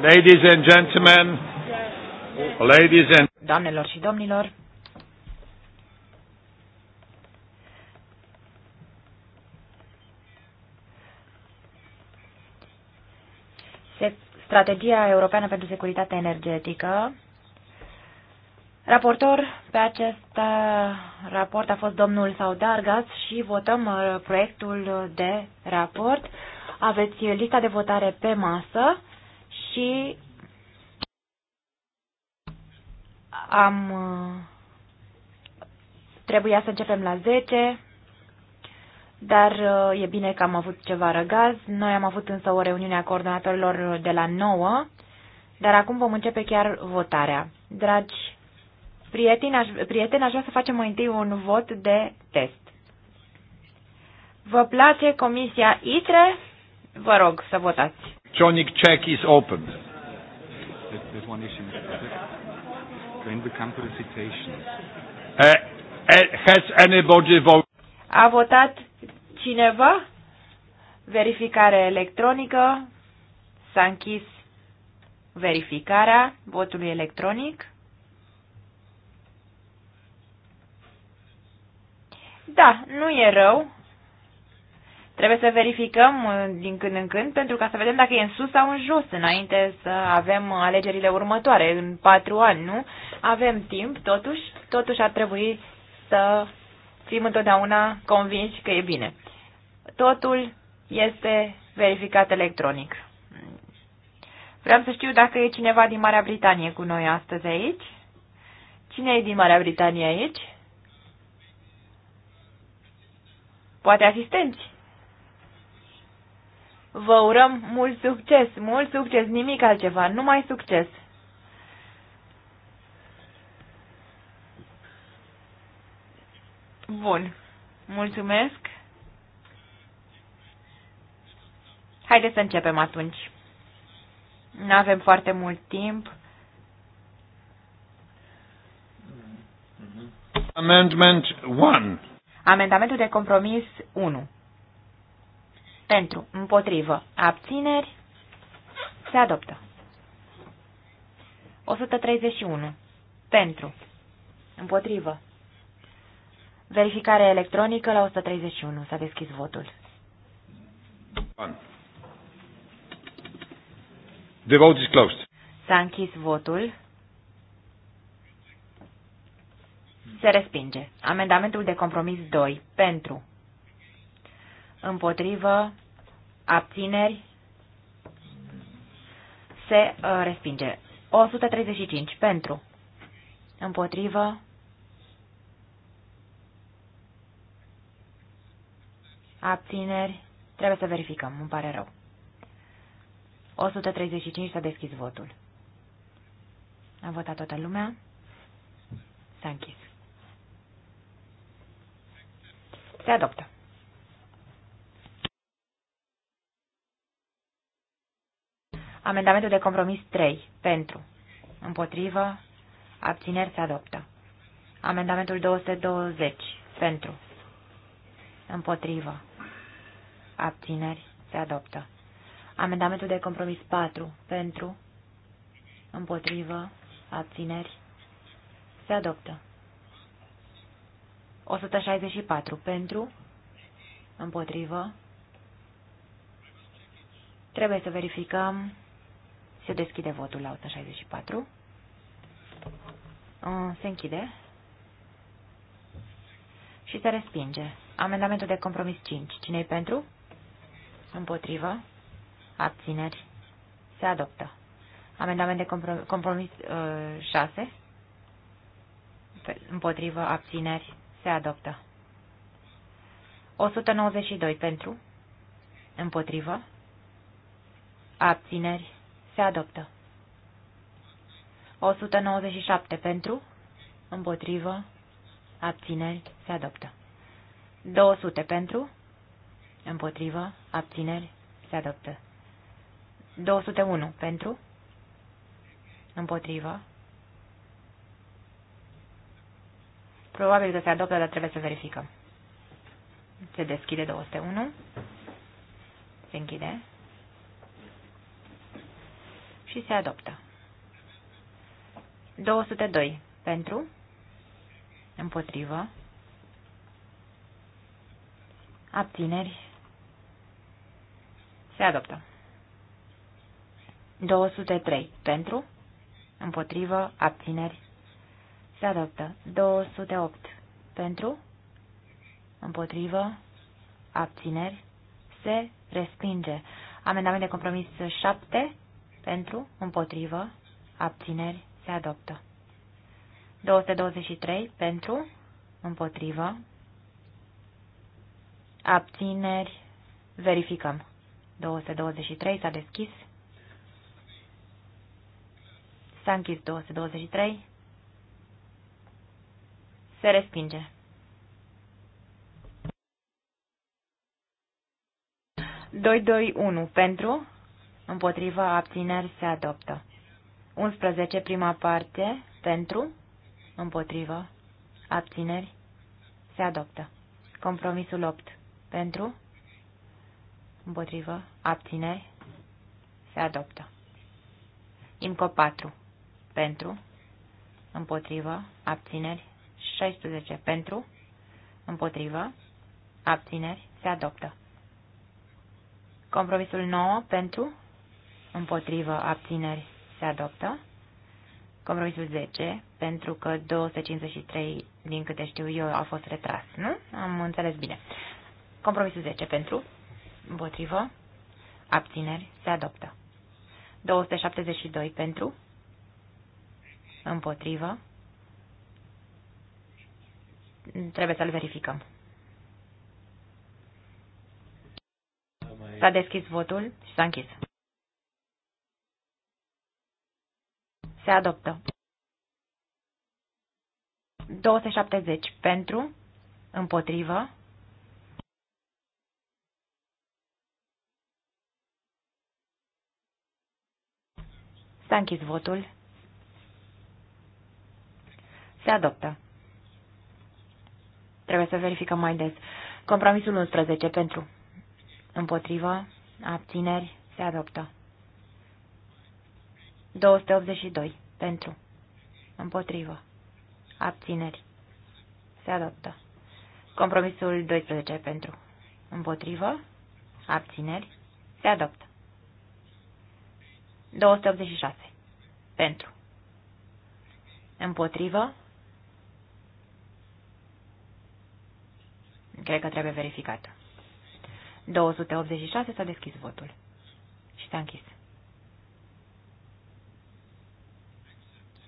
Ladies and gentlemen, ladies and... Doamnelor și domnilor, Strategia Europeană pentru Securitate Energetică. Raportor pe acest uh, raport a fost domnul Saudargas și votăm uh, proiectul de raport. Aveți lista de votare pe masă și am uh, trebuia să începem la 10, dar uh, e bine că am avut ceva răgaz. Noi am avut însă o reuniune a coordonatorilor de la 9, dar acum vom începe chiar votarea. Dragi prieteni, aș, prieteni, aș vrea să facem mai întâi un vot de test. Vă place Comisia ITRE? Vă rog să votați. Electronic check is open. There's one issue, Mr. President. When we come to the citations. Uh, uh, has anybody voted? A votat cineva? Verificare electronică. S-a închis verificarea votului electronic. Da, nu e rău. Trebuie să verificăm uh, din când în când pentru ca să vedem dacă e în sus sau în jos înainte să avem alegerile următoare. În patru ani, nu? Avem timp, totuși, totuși ar trebui să fim întotdeauna convinși că e bine. Totul este verificat electronic. Vreau să știu dacă e cineva din Marea Britanie cu noi astăzi aici. Cine e din Marea Britanie aici? Poate asistenți? Vă urăm mult succes, mult succes, nimic altceva, numai succes! Bun, mulțumesc! Haideți să începem atunci. Nu avem foarte mult timp. Amendment 1. Amendamentul de compromis 1. Pentru, împotrivă, abțineri, se adoptă. 131. Pentru, împotrivă. Verificare electronică la 131. S-a deschis votul. An. The vote is closed. S-a închis votul. Se respinge. Amendamentul de compromis 2. Pentru împotrivă, abțineri, se uh, respinge. 135 pentru, împotrivă, abțineri, trebuie să verificăm, îmi pare rău. 135 s-a deschis votul. A votat toată lumea. S-a închis. Se adoptă. Amendamentul de compromis 3. Pentru. Împotrivă. Abțineri se adoptă. Amendamentul 220. Pentru. Împotrivă. Abțineri se adoptă. Amendamentul de compromis 4. Pentru. Împotrivă. Abțineri se adoptă. 164. Pentru. Împotrivă. Trebuie să verificăm se deschide votul la 164. Uh, se închide. Și se respinge. Amendamentul de compromis 5. Cine-i pentru? Împotrivă. Abțineri. Se adoptă. Amendament de compromis 6. Uh, împotrivă. Abțineri. Se adoptă. 192 pentru. Împotrivă. Abțineri. Se adoptă. 197 pentru, împotrivă, abțineri, se adoptă. 200 pentru, împotrivă, abțineri, se adoptă. 201 pentru, împotrivă. Probabil că se adoptă, dar trebuie să verificăm. Se deschide 201. Se închide și se adoptă. 202 pentru, împotrivă, abțineri, se adoptă. 203 pentru, împotrivă, abțineri, se adoptă. 208 pentru, împotrivă, abțineri, se respinge. Amendament de compromis 7 pentru, împotrivă, abțineri, se adoptă. 223. Pentru, împotrivă, abțineri, verificăm. 223 s-a deschis. S-a închis 223. Se respinge. Doi, doi, unu. Pentru, Împotriva abțineri, se adoptă. 11, prima parte, pentru, împotrivă, abțineri, se adoptă. Compromisul 8, pentru, împotrivă, abțineri, se adoptă. IMCO 4, pentru, împotrivă, abțineri, 16, pentru, împotrivă, abțineri, se adoptă. Compromisul 9, pentru, împotrivă, abțineri, se adoptă. Compromisul 10, pentru că 253, din câte știu eu, a fost retras, nu? Am înțeles bine. Compromisul 10, pentru, împotrivă, abțineri, se adoptă. 272, pentru, împotrivă, trebuie să-l verificăm. S-a deschis votul și s-a închis. Se adoptă. 270 pentru, împotrivă. S-a închis votul. Se adoptă. Trebuie să verificăm mai des. Compromisul 11 pentru. Împotrivă. Abțineri. Se adoptă. 282. Pentru. Împotrivă. Abțineri. Se adoptă. Compromisul 12. Pentru. Împotrivă. Abțineri. Se adoptă. 286. Pentru. Împotrivă. Cred că trebuie verificată. 286 s-a deschis votul. Și s-a închis.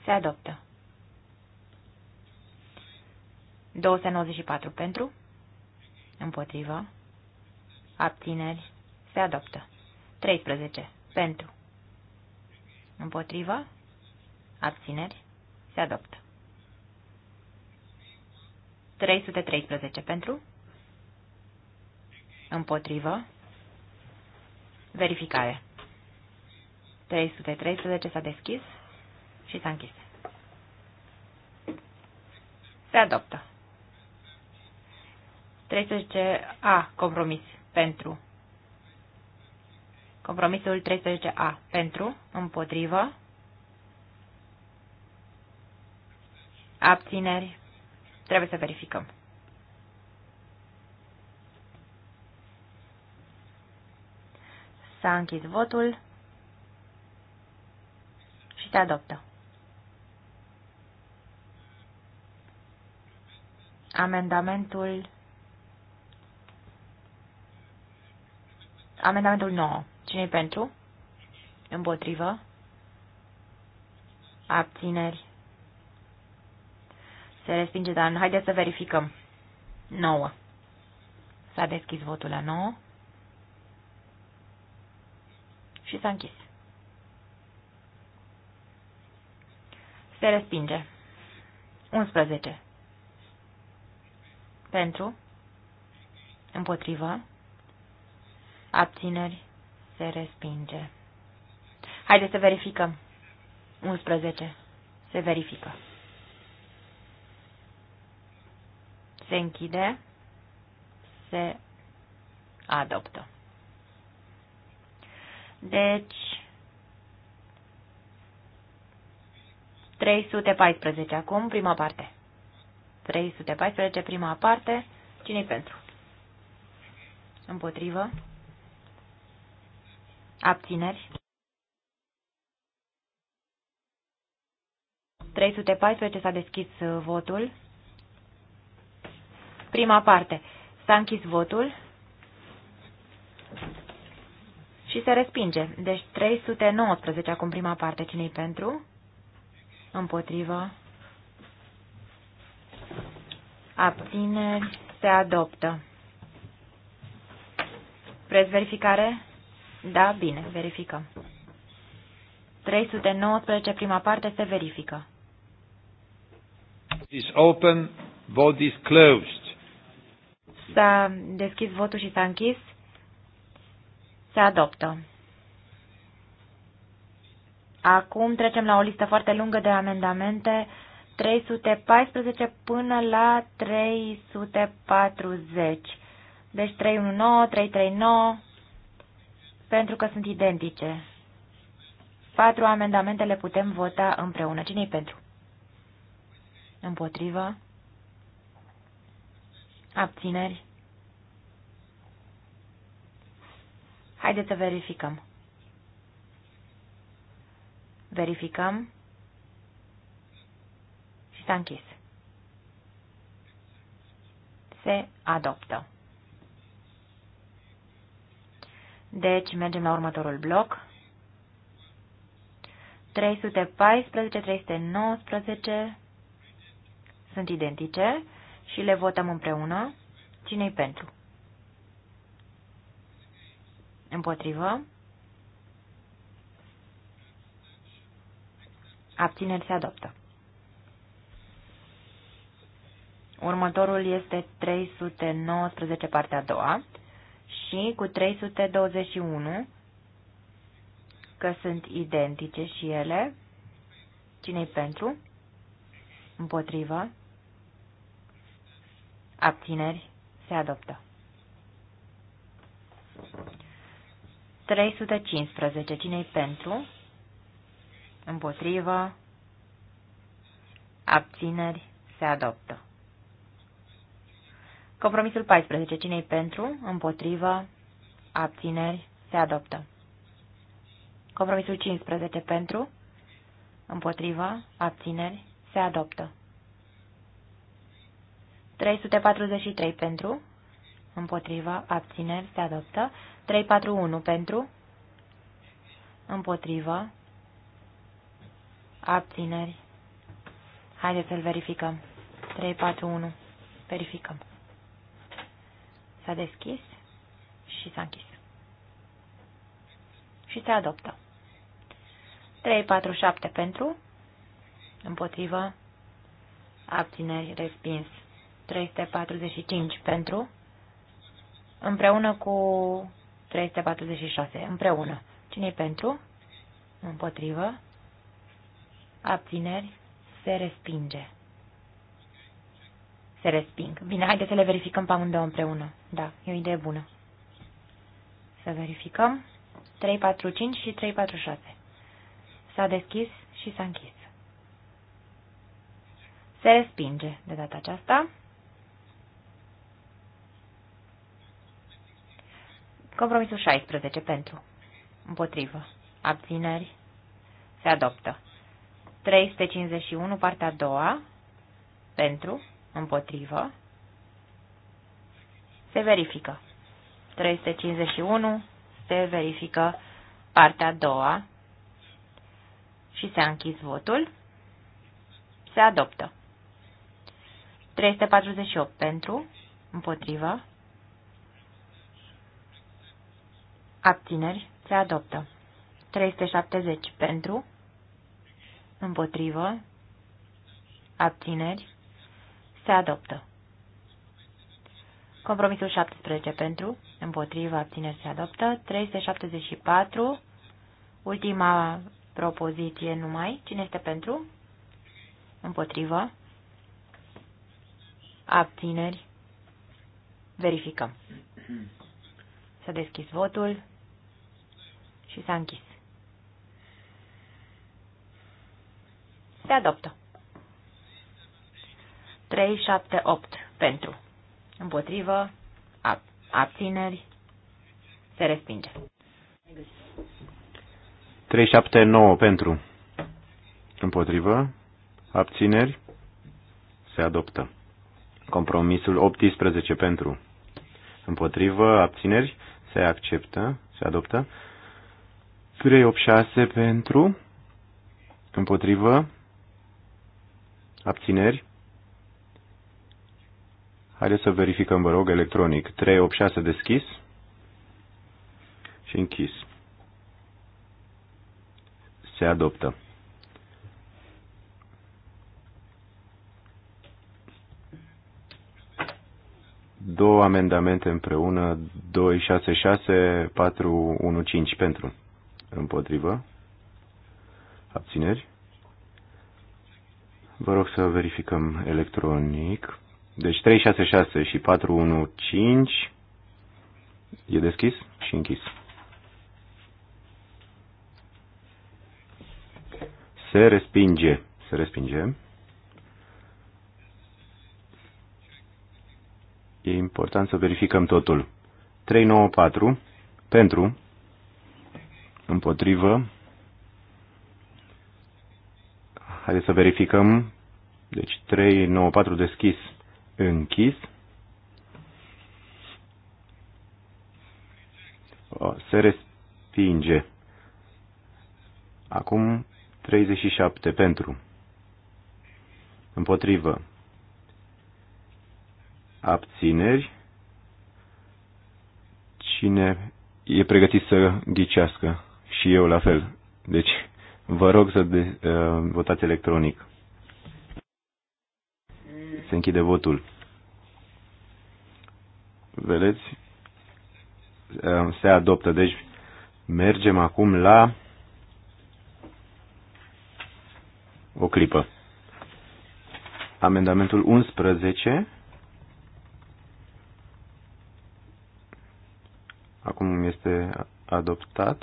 Se adoptă. 294 pentru, împotrivă, abțineri, se adoptă. 13 pentru, împotrivă, abțineri, se adoptă. 313 pentru, împotrivă, verificare. 313 s-a deschis. Și s-a închis. Se adoptă. 13A, compromis, pentru. Compromisul 13A, pentru, împotrivă, abțineri, trebuie să verificăm. S-a închis votul și se adoptă. Amendamentul Amendamentul 9. Cine-i pentru? Împotrivă? Abțineri? Se respinge, dar haideți să verificăm. 9. S-a deschis votul la 9 și s-a închis. Se respinge. 11. Pentru. Împotrivă. Abțineri. Se respinge. Haideți să verificăm. 11. Se verifică. Se închide. Se adoptă. Deci, 314 acum, prima parte. 314, prima parte. Cine-i pentru? Împotrivă. Abțineri. 314 s-a deschis uh, votul. Prima parte. S-a închis votul și se respinge. Deci 319 acum prima parte. Cine-i pentru? Împotrivă. Abțineri. Se adoptă. Vreți verificare? Da, bine, verificăm. 319, prima parte, se verifică. Is open, vote is closed. S-a deschis votul și s-a închis. Se adoptă. Acum trecem la o listă foarte lungă de amendamente 314 până la 340. Deci 319, 339, pentru că sunt identice. Patru amendamente le putem vota împreună. Cine-i pentru? Împotrivă? Abțineri? Haideți să verificăm. Verificăm. S-a închis. Se adoptă. Deci mergem la următorul bloc. 314, 319 sunt identice și le votăm împreună. Cine-i pentru? Împotrivă. Abțineri se adoptă. Următorul este 319, partea a doua, și cu 321, că sunt identice și ele. Cine-i pentru? Împotrivă? Abțineri? Se adoptă. 315. Cine-i pentru? Împotrivă? Abțineri? Se adoptă. Compromisul 14. cine pentru? Împotrivă? Abțineri? Se adoptă. Compromisul 15. Pentru? Împotrivă? Abțineri? Se adoptă. 343 pentru? Împotrivă? Abțineri? Se adoptă. 341 pentru? Împotrivă? Abțineri? Haideți să-l verificăm. 341. Verificăm. S-a deschis și s-a închis. Și se adoptă. 3, 4, 7 pentru, împotrivă, abțineri, respins. 345 pentru, împreună cu 346, împreună. cine pentru? Împotrivă, abțineri, se respinge. Se resping. Bine, haideți să le verificăm pe amândouă împreună. Da, e o idee bună. Să verificăm. 3, 4, 5 și 3, 4, 6. S-a deschis și s-a închis. Se respinge de data aceasta. Compromisul 16 pentru. Împotrivă. Abțineri. Se adoptă. 351, partea a doua. Pentru. Împotrivă. Se verifică. 351 se verifică partea a doua și se a închis votul. Se adoptă. 348 pentru, împotrivă, abțineri, se adoptă. 370 pentru, împotrivă, abțineri, se adoptă. Compromisul 17 pentru, împotriva, abțineri se adoptă. 374, ultima propoziție numai. Cine este pentru? Împotrivă. Abțineri. Verificăm. S-a deschis votul și s-a închis. Se adoptă. 3, 7, 8 pentru. Împotrivă, abțineri, se respinge. 3, 7, 9 pentru. Împotrivă, abțineri, se adoptă. Compromisul 18 pentru. Împotrivă, abțineri, se acceptă, se adoptă. 3, 8, 6, pentru, împotrivă, abțineri, Haideți să verificăm, vă rog, electronic. 386 deschis și închis. Se adoptă. Două amendamente împreună, 266, 415 pentru. Împotrivă. Abțineri. Vă rog să verificăm electronic. Deci 366 și 415 e deschis și închis. Se respinge. Se respinge. E important să verificăm totul. 394 pentru împotrivă. Haideți să verificăm. Deci 4 deschis închis. Se respinge. Acum 37 pentru. Împotrivă. Abțineri. Cine e pregătit să ghicească? Și eu la fel. Deci, vă rog să de, uh, votați electronic. Se închide votul. Vedeți? Se adoptă. Deci mergem acum la o clipă. Amendamentul 11. Acum este adoptat.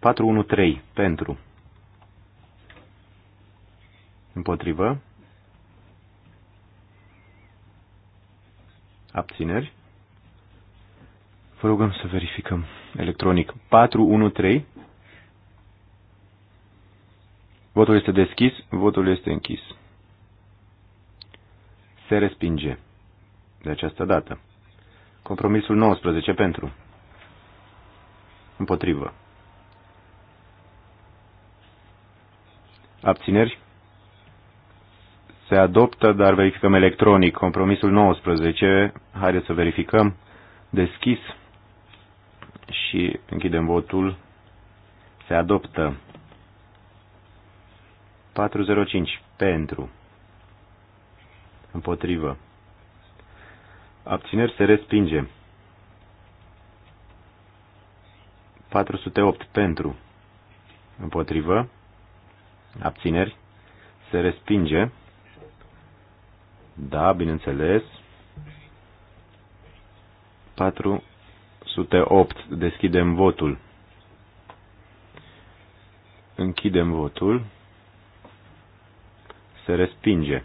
413 pentru. Împotrivă. Abțineri. Vă rugăm să verificăm electronic. 413. Votul este deschis, votul este închis. Se respinge de această dată. Compromisul 19 pentru. Împotrivă. abțineri, se adoptă, dar verificăm electronic. Compromisul 19, haideți să verificăm, deschis și închidem votul, se adoptă. 405 pentru, împotrivă, abțineri se respinge. 408 pentru, împotrivă, abțineri, se respinge. Da, bineînțeles. 408. Deschidem votul. Închidem votul. Se respinge.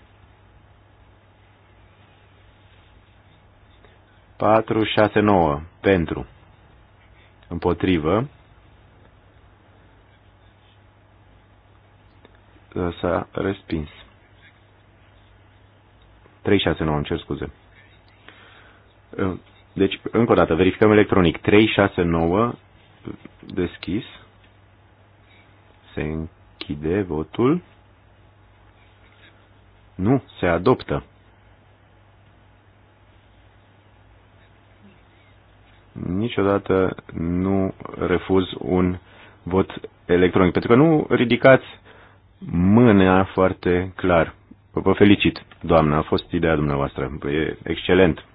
469. Pentru. Împotrivă. s-a respins. 369, îmi cer scuze. Deci, încă o dată, verificăm electronic. 369 deschis. Se închide votul. Nu, se adoptă. Niciodată nu refuz un vot electronic, pentru că nu ridicați mânea foarte clar. Vă felicit, doamnă, a fost ideea dumneavoastră. E excelent.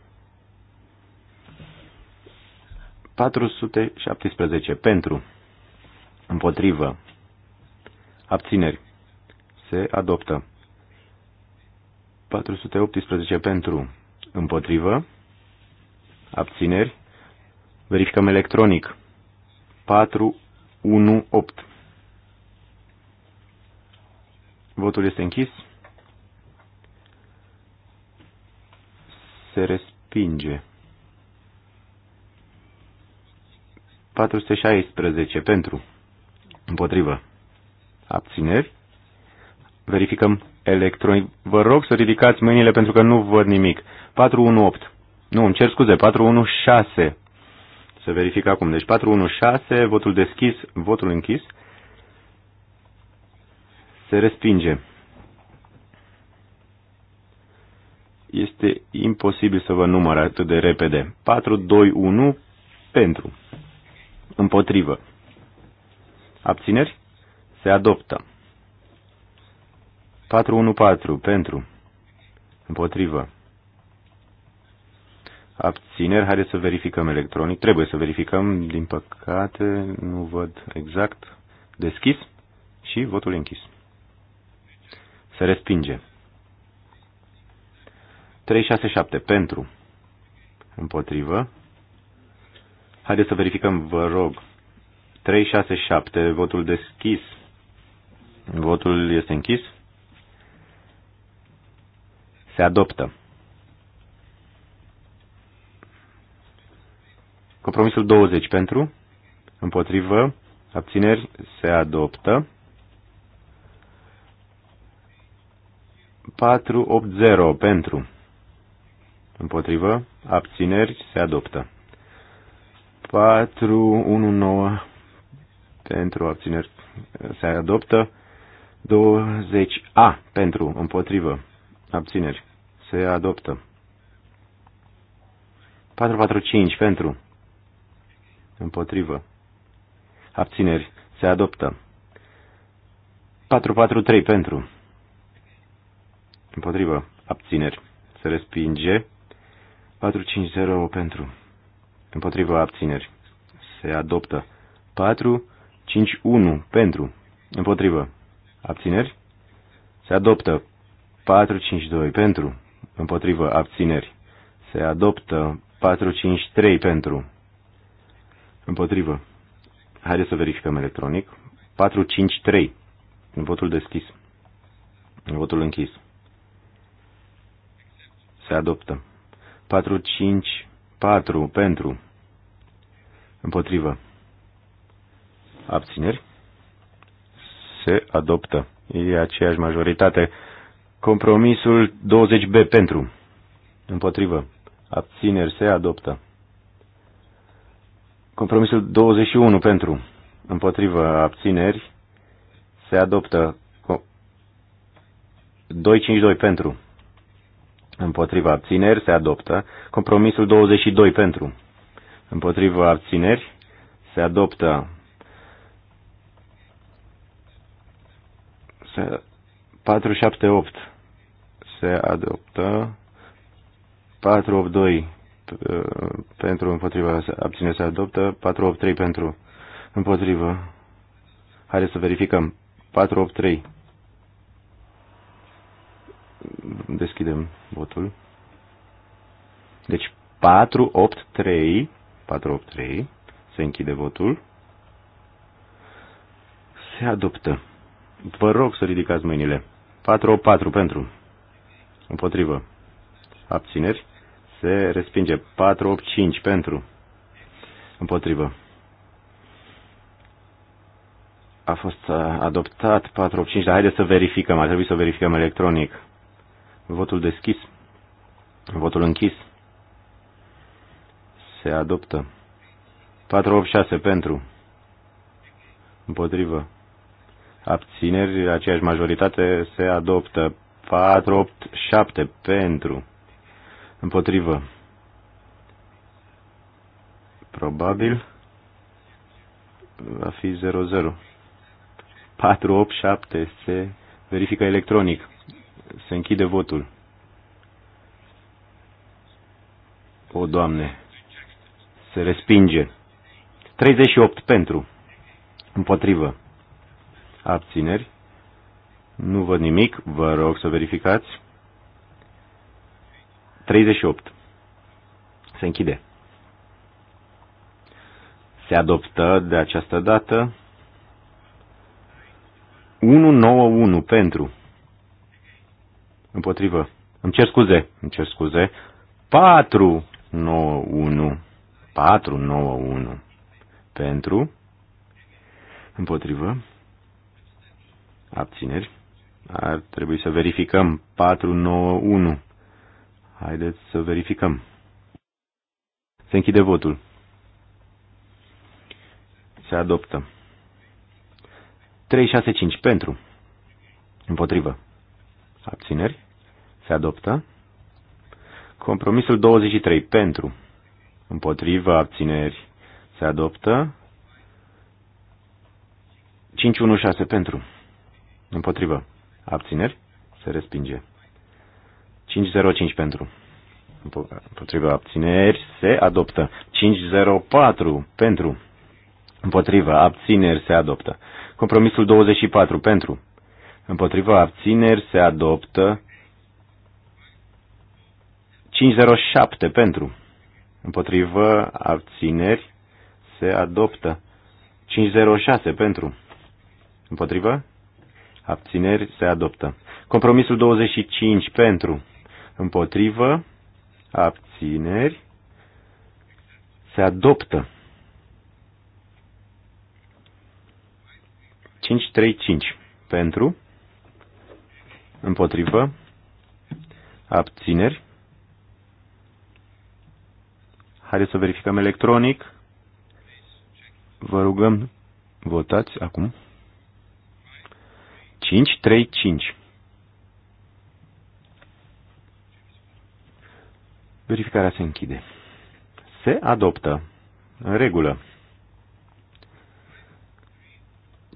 417 pentru, împotrivă, abțineri, se adoptă. 418 pentru, împotrivă, abțineri, verificăm electronic. 418. Votul este închis. Se respinge. 416 pentru. Împotrivă. Abțineri. Verificăm electronic. Vă rog să ridicați mâinile pentru că nu văd nimic. 418. Nu, îmi cer scuze. 416. Să verific acum. Deci 416, votul deschis, votul închis. Se respinge. Este imposibil să vă număr atât de repede. 4, 2, 1 pentru. Împotrivă. Abțineri? Se adoptă. 4, 1, 4, pentru. Împotrivă. Abțineri, haideți să verificăm electronic. Trebuie să verificăm, din păcate, nu văd exact. Deschis și votul închis. Se respinge. 367 pentru. Împotrivă. Haideți să verificăm, vă rog. 367, votul deschis. Votul este închis. Se adoptă. Compromisul 20 pentru, împotrivă, abțineri, se adoptă. 480 pentru. Împotrivă. Abțineri. Se adoptă. 419 pentru abțineri. Se adoptă. 20A pentru. Împotrivă. Abțineri. Se adoptă. 445 pentru. Împotrivă. Abțineri. Se adoptă. 443 pentru. Împotrivă. Abțineri. Se respinge. 4-5-0 pentru. Împotrivă. Abțineri. Se adoptă. 4-5-1 pentru. Împotrivă. Abțineri. Se adoptă. 4-5-2 pentru. Împotrivă. Abțineri. Se adoptă. 4-5-3 pentru. Împotrivă. Haideți să verificăm electronic. 4-5-3. Votul deschis. Votul închis se adoptă. 4, pentru, împotrivă, abțineri, se adoptă. E aceeași majoritate. Compromisul 20B pentru, împotrivă, abțineri, se adoptă. Compromisul 21 pentru, împotrivă, abțineri, se adoptă. 252 pentru, Împotriva abțineri se adoptă. Compromisul 22 pentru. Împotriva abțineri se adoptă. Se 478 se adoptă. 482 uh, pentru împotriva abțineri se adoptă. 483 pentru împotrivă. Haideți să verificăm. 483. Deschidem votul. Deci 483, 483, se închide votul. Se adoptă. Vă rog să ridicați mâinile. 484 pentru. Împotrivă. Abțineri. Se respinge. 485 pentru. Împotrivă. A fost adoptat 485, dar haideți să verificăm. A trebuit să verificăm electronic. Votul deschis. Votul închis. Se adoptă. 486 pentru. Împotrivă. Abțineri, aceeași majoritate, se adoptă. 487 pentru. Împotrivă. Probabil va fi 00. 487 se verifică electronic. Se închide votul. O, Doamne, se respinge. 38 pentru. Împotrivă. Abțineri. Nu văd nimic. Vă rog să verificați. 38. Se închide. Se adoptă de această dată 191 pentru. Împotrivă. Îmi cer scuze. Îmi cer scuze. 4, 9, 1. 4, 9, 1. Pentru. Împotrivă. Abțineri. Ar trebui să verificăm. 4, 9, 1. Haideți să verificăm. Se închide votul. Se adoptă. 365 pentru. Împotrivă. Abțineri. Se adoptă. Compromisul 23. Pentru. Împotrivă. Abțineri. Se adoptă. 516. Pentru. Împotrivă. Abțineri. Se respinge. 505 pentru. Împotriva abțineri se adoptă. 504 pentru. Împotriva abțineri se adoptă. Compromisul 24 pentru împotriva abțineri se adoptă 507 pentru, Împotriva abțineri se adoptă 506 pentru, Împotriva abțineri se adoptă. Compromisul 25 pentru, împotrivă abțineri se adoptă. 535 pentru, Împotrivă. Abțineri. Haideți să verificăm electronic. Vă rugăm, votați acum. 5, 3, 5. Verificarea se închide. Se adoptă. În regulă.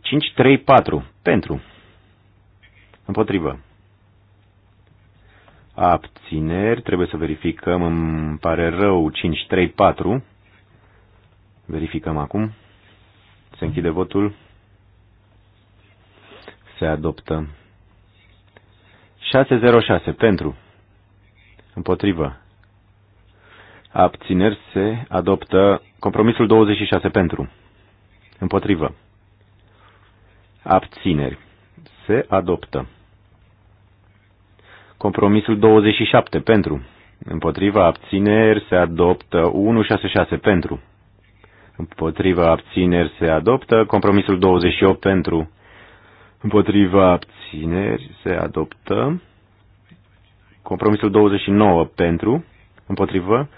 5, 3, 4. Pentru. Împotrivă abțineri, trebuie să verificăm, îmi pare rău, 5, 3, 4. Verificăm acum. Se închide votul. Se adoptă. 606 pentru. Împotrivă. Abțineri se adoptă. Compromisul 26 pentru. Împotrivă. Abțineri se adoptă. Compromisul 27 pentru. Împotriva abțineri se adoptă 166 pentru. Împotriva abțineri se adoptă compromisul 28 pentru. Împotriva abțineri se adoptă compromisul 29 pentru. Împotriva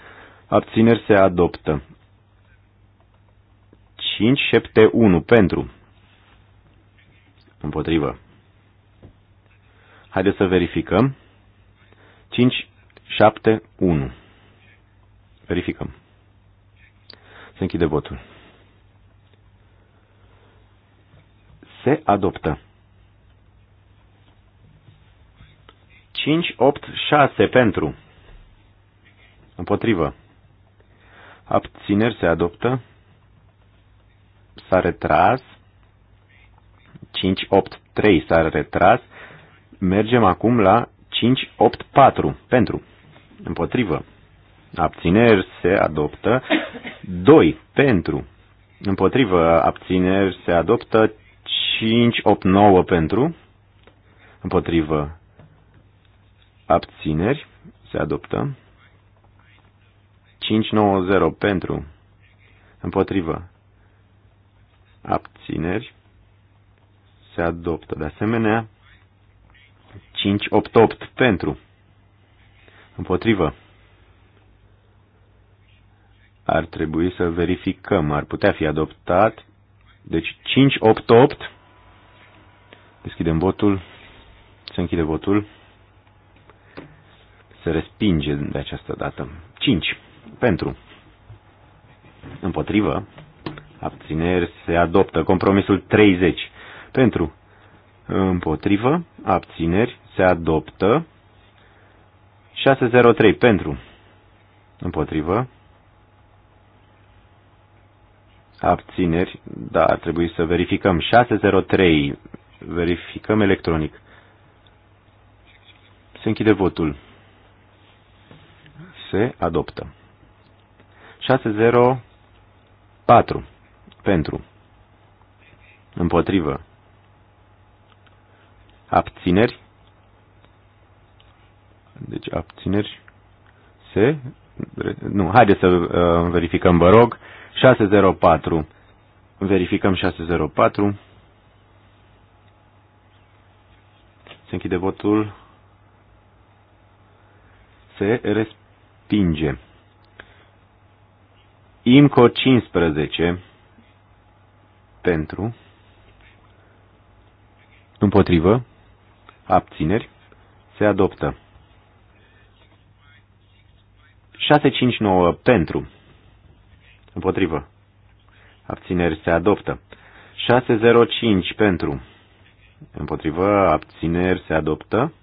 abțineri se adoptă 571 pentru. împotriva. Haideți să verificăm. 5, 7, 1. Verificăm. Se închide votul. Se adoptă. 5, 8, 6 pentru. Împotrivă. Abțineri se adoptă. S-a retras. 5, 8, 3 s-a retras. Mergem acum la 5, 8, 4. Pentru. Împotrivă. Abțineri se adoptă. 2. Pentru. Împotrivă. Abțineri se adoptă. 5, 8, 9. Pentru. Împotrivă. Abțineri se adoptă. 5, 9, 0. Pentru. Împotrivă. Abțineri se adoptă. De asemenea, 588 pentru. Împotrivă. Ar trebui să verificăm. Ar putea fi adoptat. Deci 588. Deschidem votul. Se închide votul. Se respinge de această dată. 5. Pentru. Împotrivă. Abțineri se adoptă. Compromisul 30. Pentru. Împotrivă. Abțineri se adoptă. 603 pentru, împotrivă, abțineri, da, ar trebui să verificăm. 603, verificăm electronic. Se închide votul. Se adoptă. 604 pentru, împotrivă, abțineri, deci abțineri se... Nu, haideți să uh, verificăm, vă rog. 604. Verificăm 604. Se închide votul. Se respinge. IMCO 15 pentru împotrivă abțineri se adoptă. 659 pentru. Împotrivă. Abțineri se adoptă. 605 pentru. Împotrivă. Abțineri se adoptă.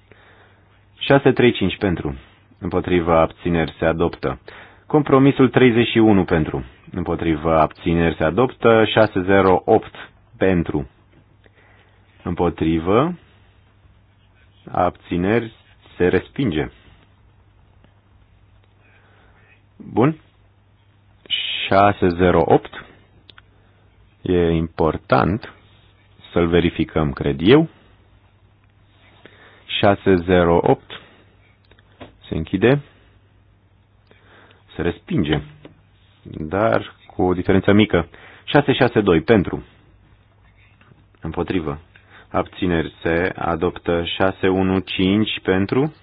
635 pentru. Împotrivă. Abțineri se adoptă. Compromisul 31 pentru. Împotrivă. Abțineri se adoptă. 608 pentru. Împotrivă. Abțineri se respinge. Bun. 608. E important să-l verificăm, cred eu. 608. Se închide. Se respinge. Dar cu o diferență mică. 662 pentru. Împotrivă. Abțineri se adoptă 615 pentru.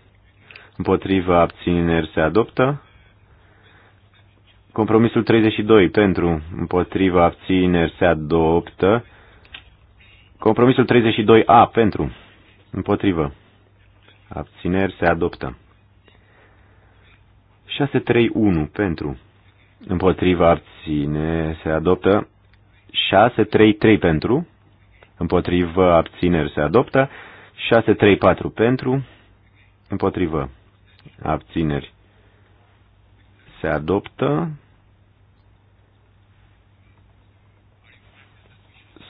Împotrivă abțineri se adoptă. Compromisul 32 pentru, împotriva, abțineri se adoptă. Compromisul 32A pentru, împotriva abțineri se adoptă. 631 pentru, împotriva, abțineri se adoptă. 633 pentru, împotriva abțineri se adoptă. 634 pentru, împotriva abțineri se adoptă.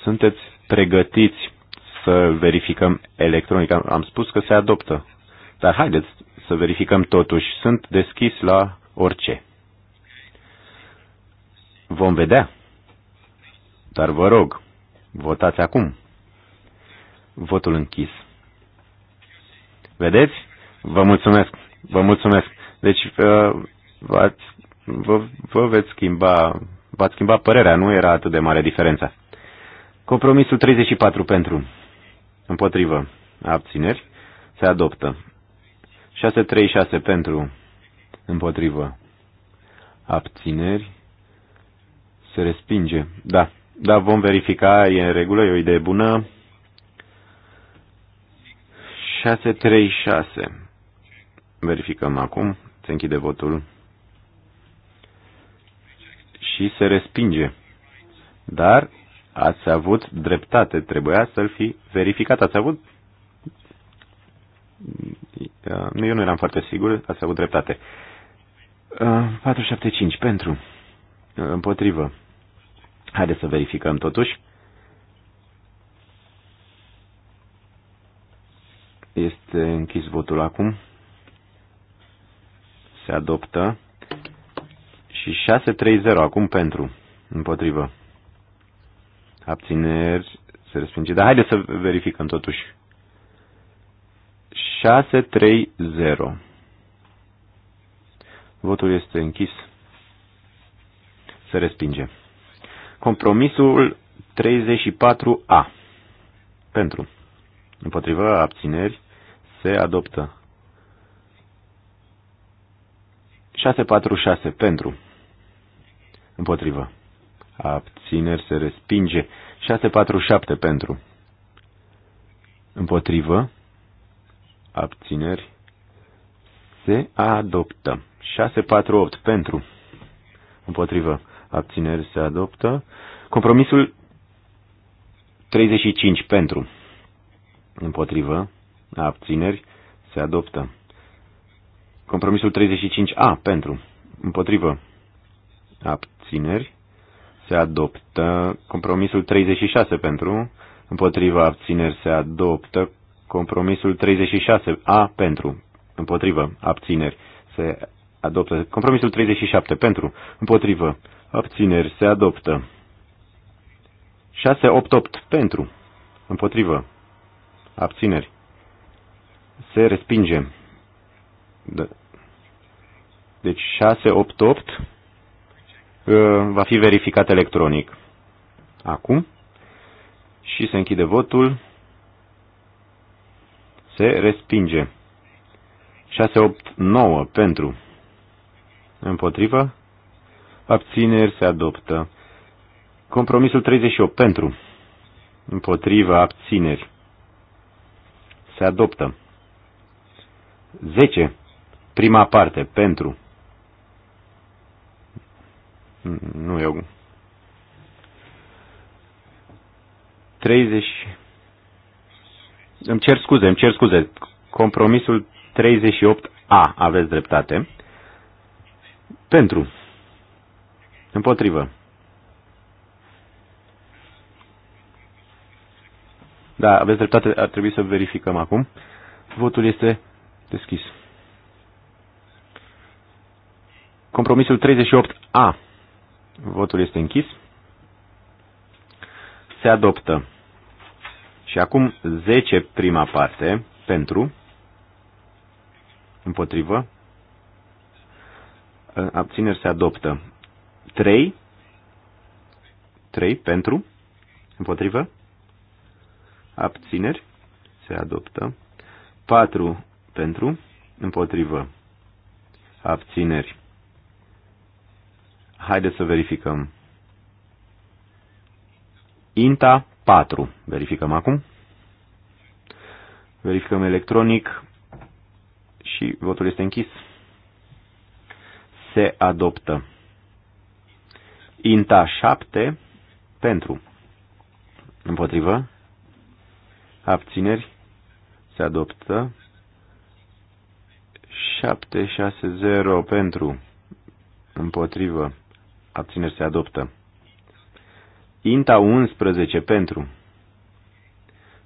Sunteți pregătiți să verificăm electronic. Am spus că se adoptă. Dar haideți să verificăm totuși. Sunt deschis la orice. Vom vedea. Dar vă rog, votați acum. Votul închis. Vedeți? Vă mulțumesc. Vă mulțumesc. Deci, uh, vă, vă veți schimba, v-ați schimba părerea, nu era atât de mare diferența. Compromisul 34 pentru, împotrivă, abțineri, se adoptă. 636 pentru, împotrivă, abțineri, se respinge. Da, da, vom verifica, e în regulă, e o idee bună. 636. Verificăm acum, se închide votul și se respinge. Dar ați avut dreptate, trebuia să-l fi verificat. Ați avut... Uh, eu nu eram foarte sigur, ați avut dreptate. 475 uh, pentru, uh, împotrivă. Haideți să verificăm totuși. Este închis votul acum. Se adoptă. Și 6-3-0 acum pentru. Împotrivă. Abțineri se respinge. Dar haideți să verificăm totuși. 6-3-0. Votul este închis. Se respinge. Compromisul 34A. Pentru. Împotrivă abțineri se adoptă. 646 pentru. Împotrivă. Abțineri se respinge. 647 pentru. Împotrivă. Abțineri se adoptă. 648 pentru. Împotrivă. Abțineri se adoptă. Compromisul 35 pentru. Împotrivă. Abțineri se adoptă. Compromisul 35A pentru. Împotrivă abțineri, se adoptă compromisul 36 pentru, împotriva abțineri se adoptă compromisul 36A pentru, împotriva abțineri se adoptă compromisul 37 pentru, împotriva abțineri se adoptă 688 pentru, împotriva abțineri se respinge. Da. Deci 688 Uh, va fi verificat electronic. Acum. Și se închide votul. Se respinge. 6-8-9 pentru. Împotrivă. Abțineri se adoptă. Compromisul 38 pentru. Împotrivă abțineri. Se adoptă. 10. Prima parte pentru nu eu. 30. Îmi cer scuze, îmi cer scuze. Compromisul 38A, aveți dreptate. Pentru. Împotrivă. Da, aveți dreptate, ar trebui să verificăm acum. Votul este deschis. Compromisul 38A. Votul este închis. Se adoptă. Și acum 10 prima parte ă, pentru, împotrivă, abțineri se adoptă. 3, 3 pentru, împotrivă, abțineri se adoptă. 4 pentru, împotrivă, abțineri Haideți să verificăm. INTA 4. Verificăm acum. Verificăm electronic și votul este închis. Se adoptă. INTA 7 pentru. Împotrivă. Abțineri. Se adoptă. 760 pentru. Împotrivă abțineri se adoptă. Inta 11 pentru,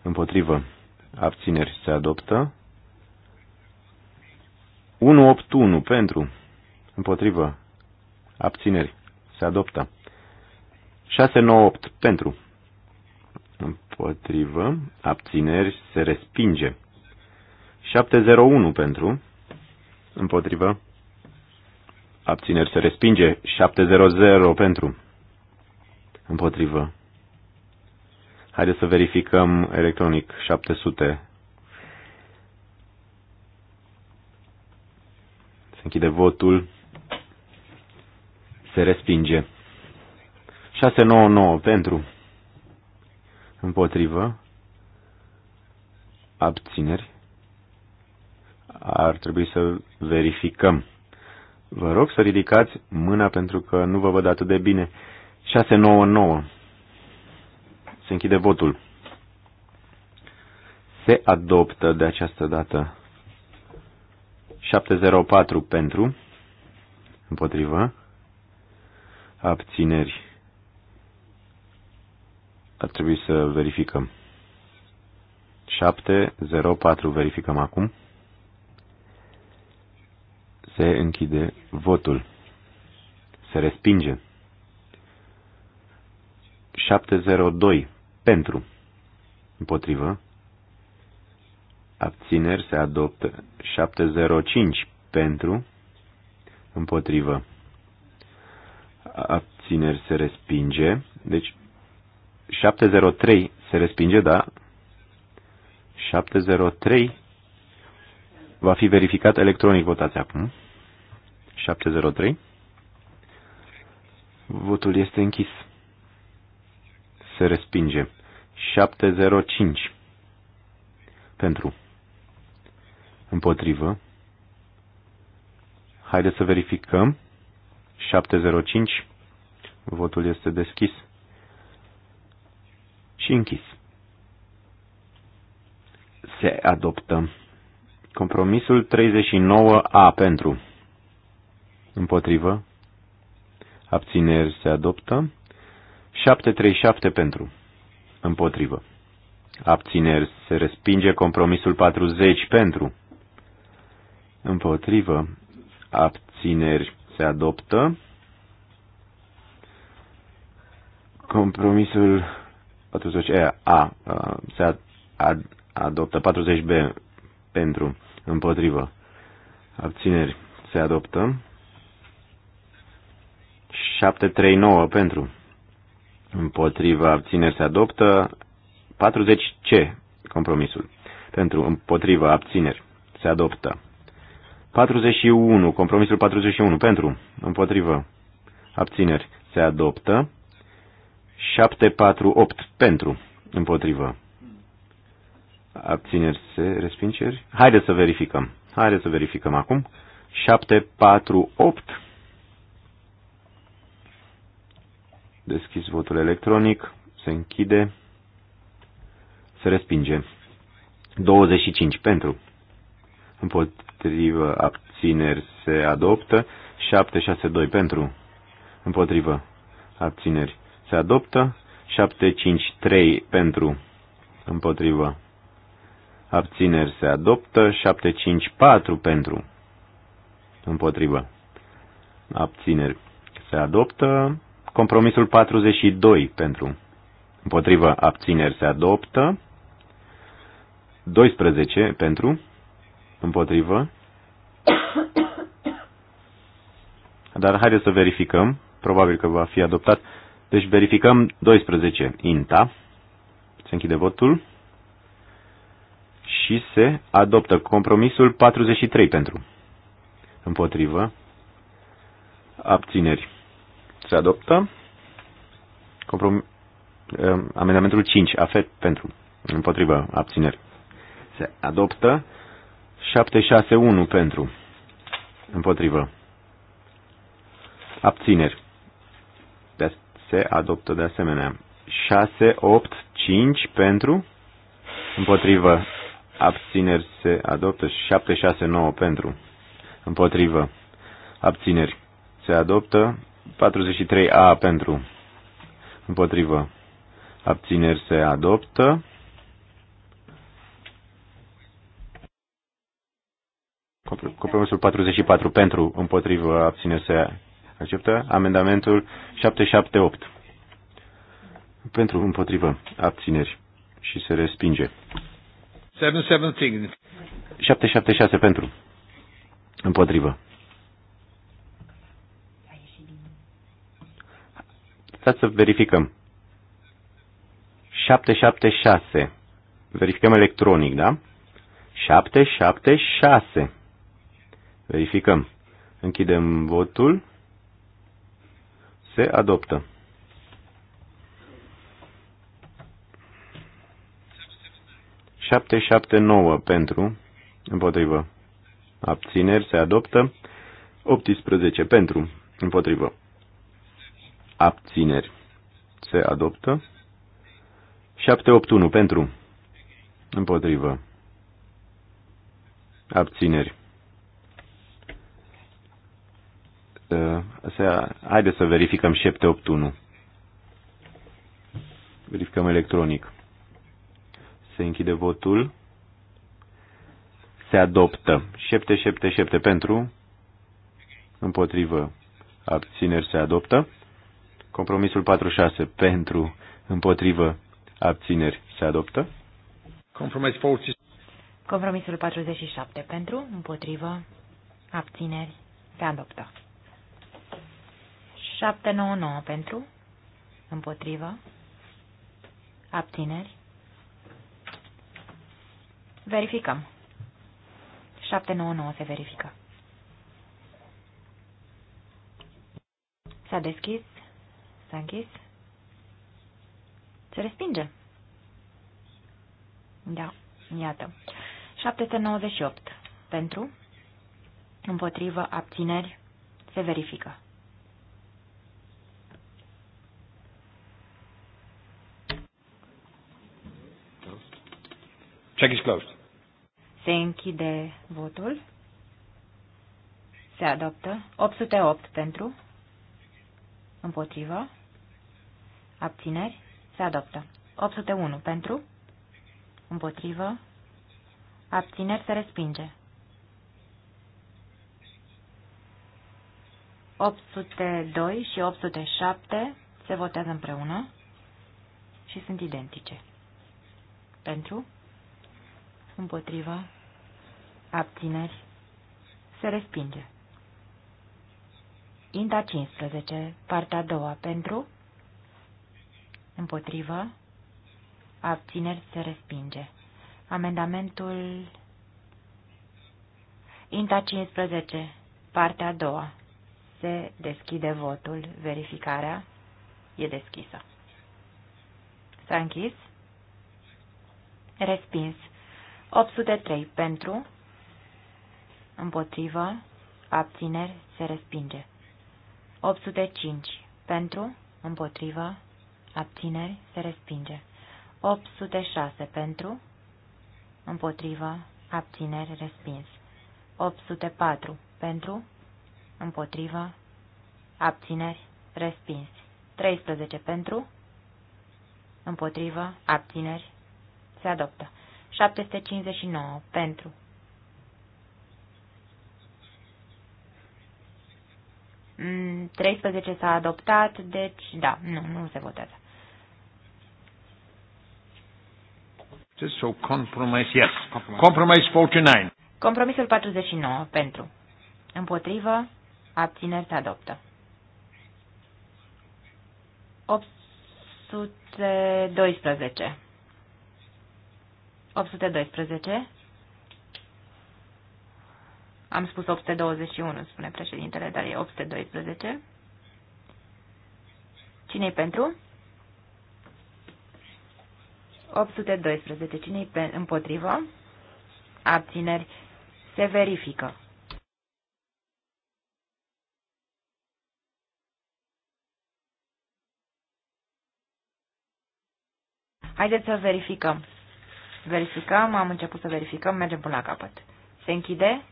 împotrivă, abțineri se adoptă. 181 pentru, împotrivă, abțineri se adoptă. 698 pentru, împotrivă, abțineri se respinge. 701 pentru, împotrivă, abțineri se respinge, 7-0-0 pentru, împotrivă. Haideți să verificăm electronic 700. Se închide votul. Se respinge. 699 pentru. Împotrivă. Abțineri. Ar trebui să verificăm. Vă rog să ridicați mâna pentru că nu vă văd atât de bine. 699. Se închide votul. Se adoptă de această dată. 704 pentru. Împotrivă. Abțineri. Ar trebui să verificăm. 704 verificăm acum. Se închide votul. Se respinge. 702 pentru. Împotrivă. Abțineri se adoptă. 705 pentru. Împotrivă. Abțineri se respinge. Deci 703 se respinge, da? 703 va fi verificat electronic votați acum. 703. Votul este închis. Se respinge. 705. Pentru. Împotrivă. Haideți să verificăm. 705. Votul este deschis. Și închis. Se adoptă. Compromisul 39A pentru împotrivă, abțineri se adoptă, 737 pentru, împotrivă, abțineri se respinge, compromisul 40 pentru, împotrivă, abțineri se adoptă, compromisul 40A a, a, se ad, ad, adoptă 40B pentru împotrivă abțineri se adoptă 739 pentru. Împotriva abțineri se adoptă 40C compromisul. Pentru împotriva abțineri se adoptă. 41, compromisul 41 pentru împotriva abțineri se adoptă. 748 pentru împotriva abțineri se respingeri. Haideți să verificăm. Haideți să verificăm acum. 748 Deschis votul electronic. Se închide. Se respinge. 25 pentru. Împotrivă abțineri se adoptă. 762 pentru. Împotrivă abțineri se adoptă. 753 pentru. Împotrivă abțineri se adoptă. 754 pentru. Împotrivă abțineri se adoptă. Compromisul 42 pentru. Împotrivă abțineri se adoptă. 12 pentru. Împotrivă. Dar haideți să verificăm. Probabil că va fi adoptat. Deci verificăm 12. INTA. Se închide votul. Și se adoptă compromisul 43 pentru. Împotrivă. Abțineri se adoptă. Comprom- um, amendamentul 5, afet pentru, împotriva abțineri. Se adoptă. 761 pentru, împotrivă. Abțineri. De se adoptă de asemenea. 685 pentru, împotrivă. Abțineri se adoptă. 769 pentru, împotrivă. Abțineri se adoptă. 43A pentru. Împotrivă. Abțineri se adoptă. Compromisul 44 pentru, împotrivă, abțineri se acceptă. Amendamentul 778 pentru, împotrivă, abțineri și se respinge. 776 pentru, împotrivă, Stați să verificăm. 776. Verificăm electronic, da? 776. Verificăm. Închidem votul. Se adoptă. Șapte, șapte, nouă pentru, împotrivă. Abțineri se adoptă. 18 pentru, împotrivă abțineri. Se adoptă. 781 pentru. Împotrivă. Abțineri. Ă, se, haideți să verificăm 781. Verificăm electronic. Se închide votul. Se adoptă. 777 pentru. Împotrivă. Abțineri se adoptă. Compromisul 46 pentru, împotrivă, abțineri se adoptă. Compromis 40. Compromisul 47 pentru, împotrivă, abțineri se adoptă. 799 pentru, împotrivă, abțineri. Verificăm. 799 se verifică. S-a deschis S-a închis. Se respinge. Da, iată. 798. Pentru? Împotrivă abțineri? Se verifică. Check is closed. Se închide votul. Se adoptă. 808 pentru. Împotrivă. Abțineri? Se adoptă. 801 pentru? Împotrivă? Abțineri se respinge. 802 și 807 se votează împreună și sunt identice. Pentru? Împotrivă. Abțineri? Se respinge. Inta 15, partea a doua, pentru? Împotrivă. Abțineri se respinge. Amendamentul INTA 15, partea a doua. Se deschide votul. Verificarea e deschisă. S-a închis. Respins. 803 pentru. Împotrivă. Abțineri se respinge. 805 pentru. Împotrivă abțineri, se respinge. 806 pentru, împotrivă, abțineri, respins. 804 pentru, împotrivă, abțineri, respins. 13 pentru, împotrivă, abțineri, se adoptă. 759 pentru. Mm, 13 s-a adoptat, deci da, nu, nu se votează. So compromise, yes. Compromise 49. Compromisul 49 pentru. Împotrivă, abțineri se adoptă. 812. 812. Am spus 821, spune președintele, dar e 812. Cine-i pentru? 812. Cine-i împotrivă? Abțineri. Se verifică. Haideți să verificăm. Verificăm, am început să verificăm, mergem până la capăt. Se închide?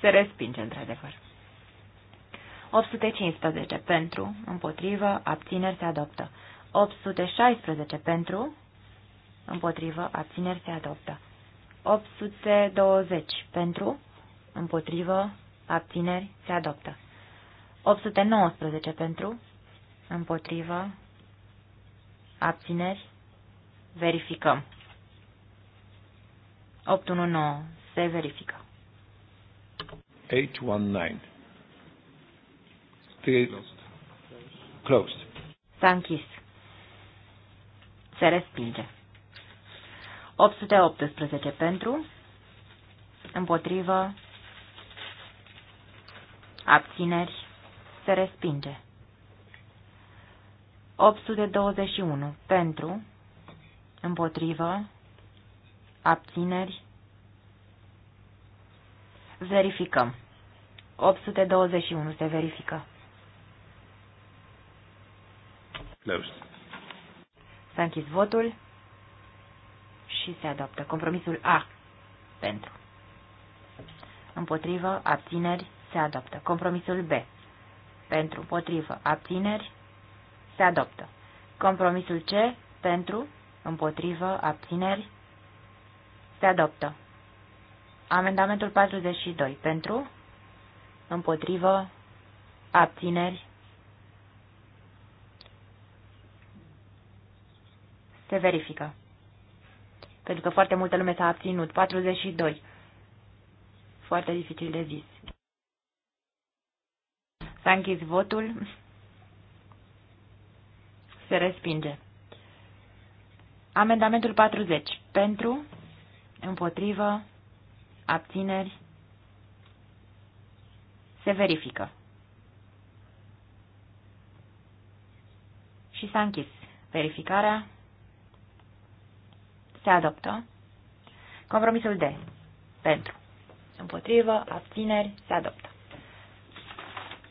Se respinge, într-adevăr. 815. Pentru, împotrivă, abțineri se adoptă. 816 pentru, împotrivă, abțineri se adoptă. 820 pentru, împotrivă, abțineri se adoptă. 819 pentru, împotrivă, abțineri, verificăm. 819 se verifică. 819. Closed. closed. S-a închis. Se respinge. 818 pentru, împotrivă, abțineri, se respinge. 821 pentru, împotrivă, abțineri, verificăm. 821 se verifică. Closed. S-a închis votul și se adoptă. Compromisul A. Pentru. Împotrivă, abțineri, se adoptă. Compromisul B. Pentru, împotrivă, abțineri, se adoptă. Compromisul C. Pentru, împotrivă, abțineri, se adoptă. Amendamentul 42. Pentru, împotrivă, abțineri, Se verifică. Pentru că foarte multă lume s-a abținut. 42. Foarte dificil de zis. S-a închis votul. Se respinge. Amendamentul 40. Pentru, împotrivă, abțineri, se verifică. Și s-a închis verificarea. Se adoptă. Compromisul D. Pentru. Împotrivă. Abțineri. Se adoptă.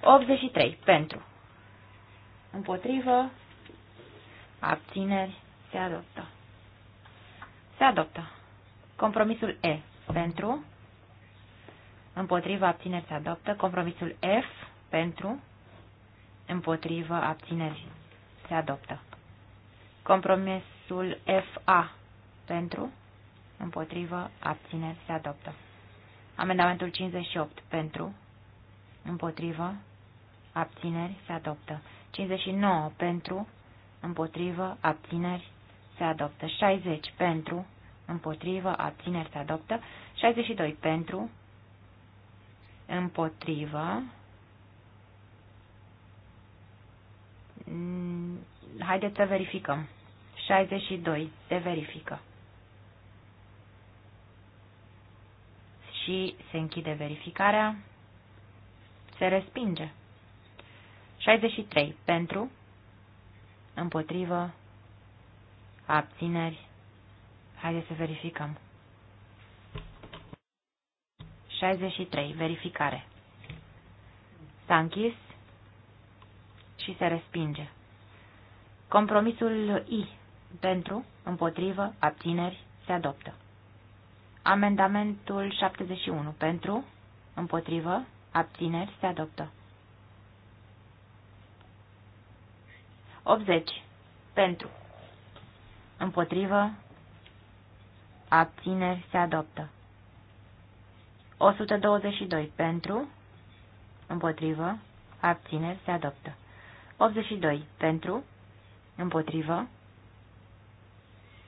83. Pentru. Împotrivă. Abțineri. Se adoptă. Se adoptă. Compromisul E. Pentru. Împotrivă. Abțineri. Se adoptă. Compromisul F. Pentru. Împotrivă. Abțineri. Se adoptă. Compromisul FA pentru, împotrivă, abțineri, se adoptă. Amendamentul 58 pentru, împotrivă, abțineri, se adoptă. 59 pentru, împotrivă, abțineri, se adoptă. 60 pentru, împotrivă, abțineri, se adoptă. 62 pentru, împotrivă, haideți să verificăm. 62 se verifică. și se închide verificarea. Se respinge. 63. Pentru, împotrivă, abțineri. Haideți să verificăm. 63. Verificare. S-a închis și se respinge. Compromisul I. Pentru, împotrivă, abțineri, se adoptă. Amendamentul 71. Pentru? Împotrivă? Abțineri? Se adoptă. 80. Pentru. Împotrivă. Abțineri se adoptă. 122. Pentru. Împotrivă. Abțineri se adoptă. 82. Pentru. Împotrivă.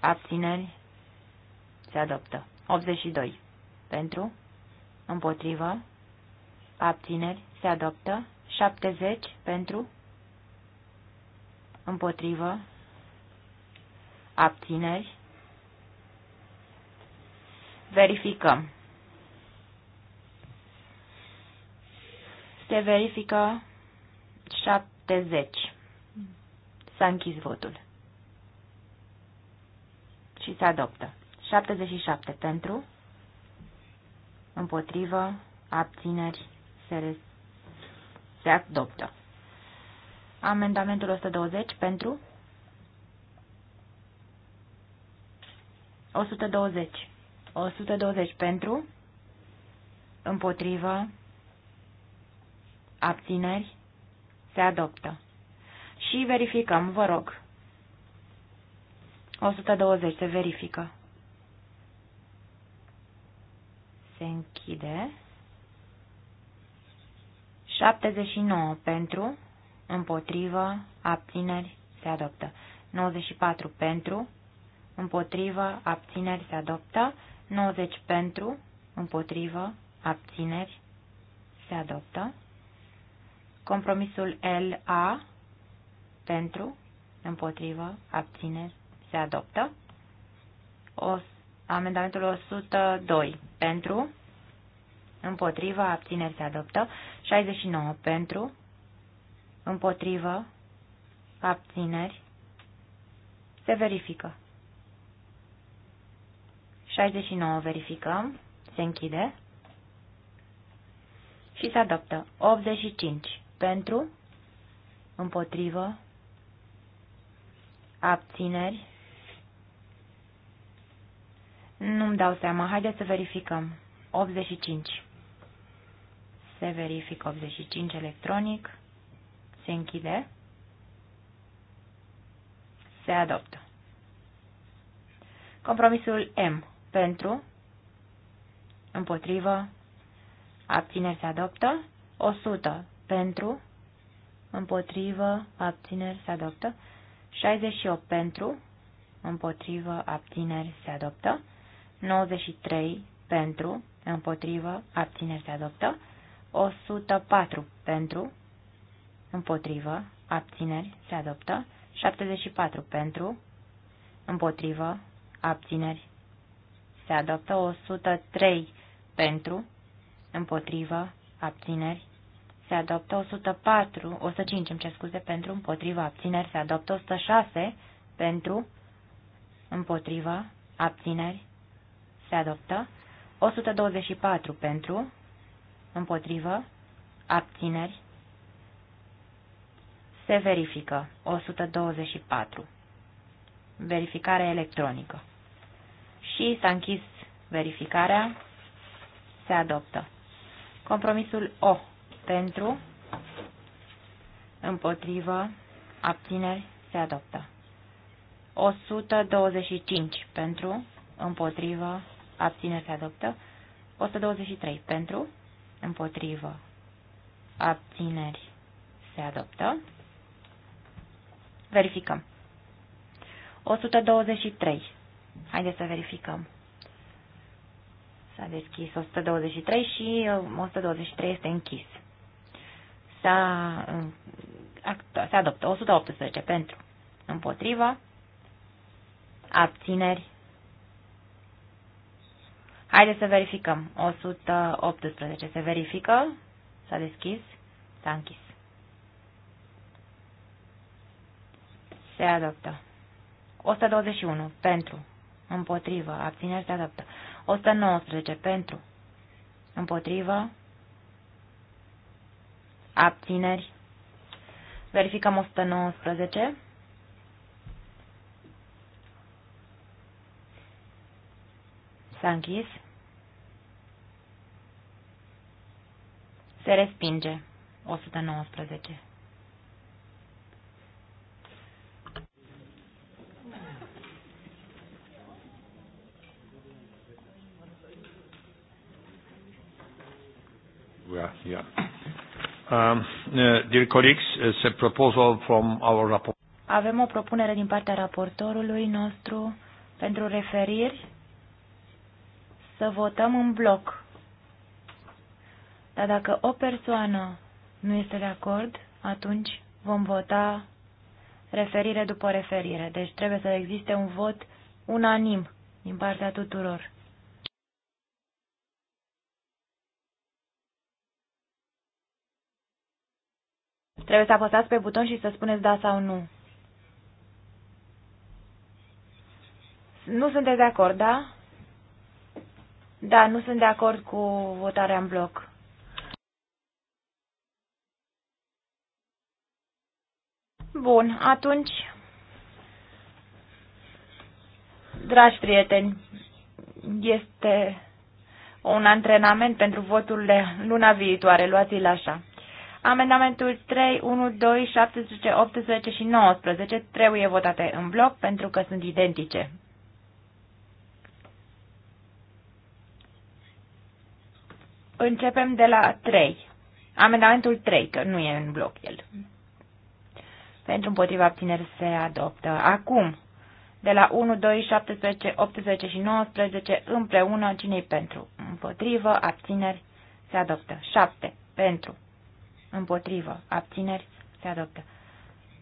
Abțineri se adoptă. 82. Pentru, împotrivă, abțineri, se adoptă. 70. Pentru, împotrivă, abțineri. Verificăm. Se verifică 70. S-a închis votul. Și se adoptă. 77 pentru, împotrivă, abțineri, se, re... se adoptă. Amendamentul 120 pentru 120. 120 pentru, împotrivă, abțineri, se adoptă. Și verificăm, vă rog. 120 se verifică. se închide. 79 pentru, împotrivă, abțineri, se adoptă. 94 pentru, împotrivă, abțineri, se adoptă. 90 pentru, împotrivă, abțineri, se adoptă. Compromisul LA pentru, împotrivă, abțineri, se adoptă. O, amendamentul 102 pentru, împotriva, abțineri se adoptă, 69 pentru, împotrivă, abțineri, se verifică. 69 verificăm, se închide și se adoptă. 85 pentru, împotrivă, abțineri, nu-mi dau seama. Haideți să verificăm. 85. Se verifică 85 electronic. Se închide. Se adoptă. Compromisul M. Pentru. Împotrivă. Abțineri se adoptă. 100. Pentru. Împotrivă. Abțineri se adoptă. 68 pentru. Împotrivă. Abțineri se adoptă. 93 pentru, împotrivă, abțineri se adoptă. 104 pentru, împotrivă, abțineri se adoptă. 74 pentru, împotrivă, abțineri se adoptă. 103 pentru, împotrivă, abțineri se adoptă 104, 105, îmi cer scuze, pentru împotrivă, abțineri, se adoptă 106 pentru împotrivă, abțineri, se adoptă. 124 pentru, împotrivă, abțineri, se verifică. 124. Verificare electronică. Și s-a închis verificarea, se adoptă. Compromisul O pentru, împotrivă, abțineri, se adoptă. 125 pentru, împotrivă, abțineri se adoptă. 123 pentru, împotrivă, abțineri se adoptă. Verificăm. 123. Haideți să verificăm. S-a deschis 123 și 123 uh, este închis. Uh, se adoptă 118 pentru, împotriva, abțineri Haideți să verificăm. 118. Se verifică? S-a deschis? S-a închis. Se adoptă. 121. Pentru. Împotrivă. Abțineri se adoptă. 119. Pentru. Împotrivă. Abțineri. Verificăm 119. S-a închis. Se respinge. 119. Yeah, yeah. Um, uh, dear colleagues, it's a proposal from our rapport. Avem o propunere din partea raportorului nostru pentru referiri să votăm în bloc dar dacă o persoană nu este de acord, atunci vom vota referire după referire. Deci trebuie să existe un vot unanim din partea tuturor. Trebuie să apăsați pe buton și să spuneți da sau nu. Nu sunteți de acord, da? Da, nu sunt de acord cu votarea în bloc. Bun, atunci, dragi prieteni, este un antrenament pentru voturile luna viitoare, luați-l așa. Amendamentul 3, 1, 2, 17, 18 și 19 trebuie votate în bloc pentru că sunt identice. Începem de la 3. Amendamentul 3, că nu e în bloc el. Pentru împotriva abțineri se adoptă. Acum, de la 1, 2, 17, 18 și 19 împreună, cine pentru? Împotrivă, abțineri, se adoptă. 7. Pentru. Împotrivă, abțineri, se adoptă.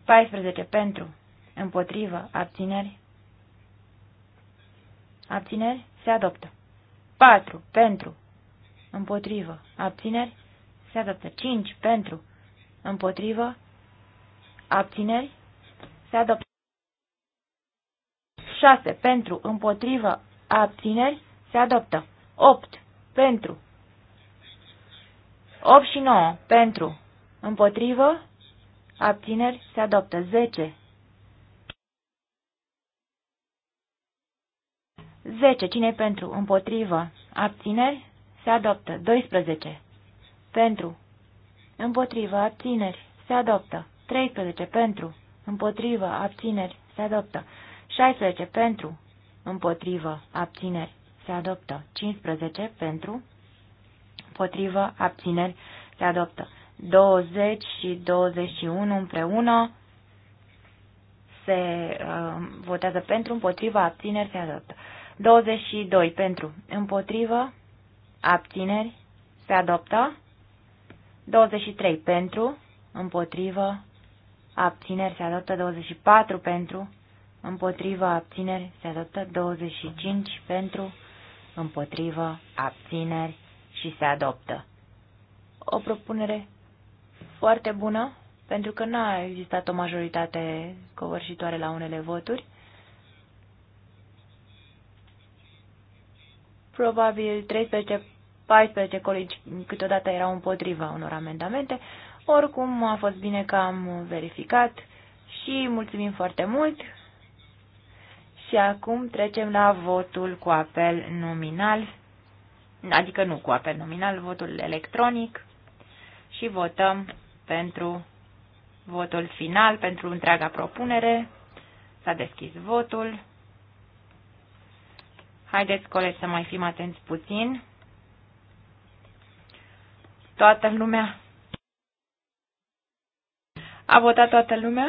14. Pentru. Împotrivă, abțineri. Abțineri, se adoptă. 4. Pentru. Împotrivă, abțineri, se adoptă. 5. Pentru. Împotrivă, Abțineri? Se adoptă. 6. Pentru, împotrivă, abțineri, se adoptă. 8. Pentru. 8 și 9. Pentru. Împotrivă, abțineri, se adoptă. 10. 10. cine pentru? Împotrivă. Abțineri? Se adoptă. 12. Pentru. Împotrivă. Abțineri. Se adoptă. 13 pentru, împotrivă, abțineri, se adoptă. 16 pentru, împotrivă, abțineri, se adoptă. 15 pentru, împotrivă, abțineri, se adoptă. 20 și 21 împreună se uh, votează pentru, împotrivă, abțineri, se adoptă. 22 pentru, împotrivă, abțineri, se adoptă. 23 pentru, împotrivă, abțineri se adoptă 24 pentru, împotrivă abțineri se adoptă 25 pentru, împotrivă abțineri și se adoptă. O propunere foarte bună, pentru că n-a existat o majoritate covârșitoare la unele voturi. Probabil 13-14 colegi câteodată erau împotriva unor amendamente, oricum, a fost bine că am verificat și mulțumim foarte mult. Și acum trecem la votul cu apel nominal, adică nu cu apel nominal, votul electronic și votăm pentru votul final, pentru întreaga propunere. S-a deschis votul. Haideți, colegi, să mai fim atenți puțin. Toată lumea a votat toată lumea?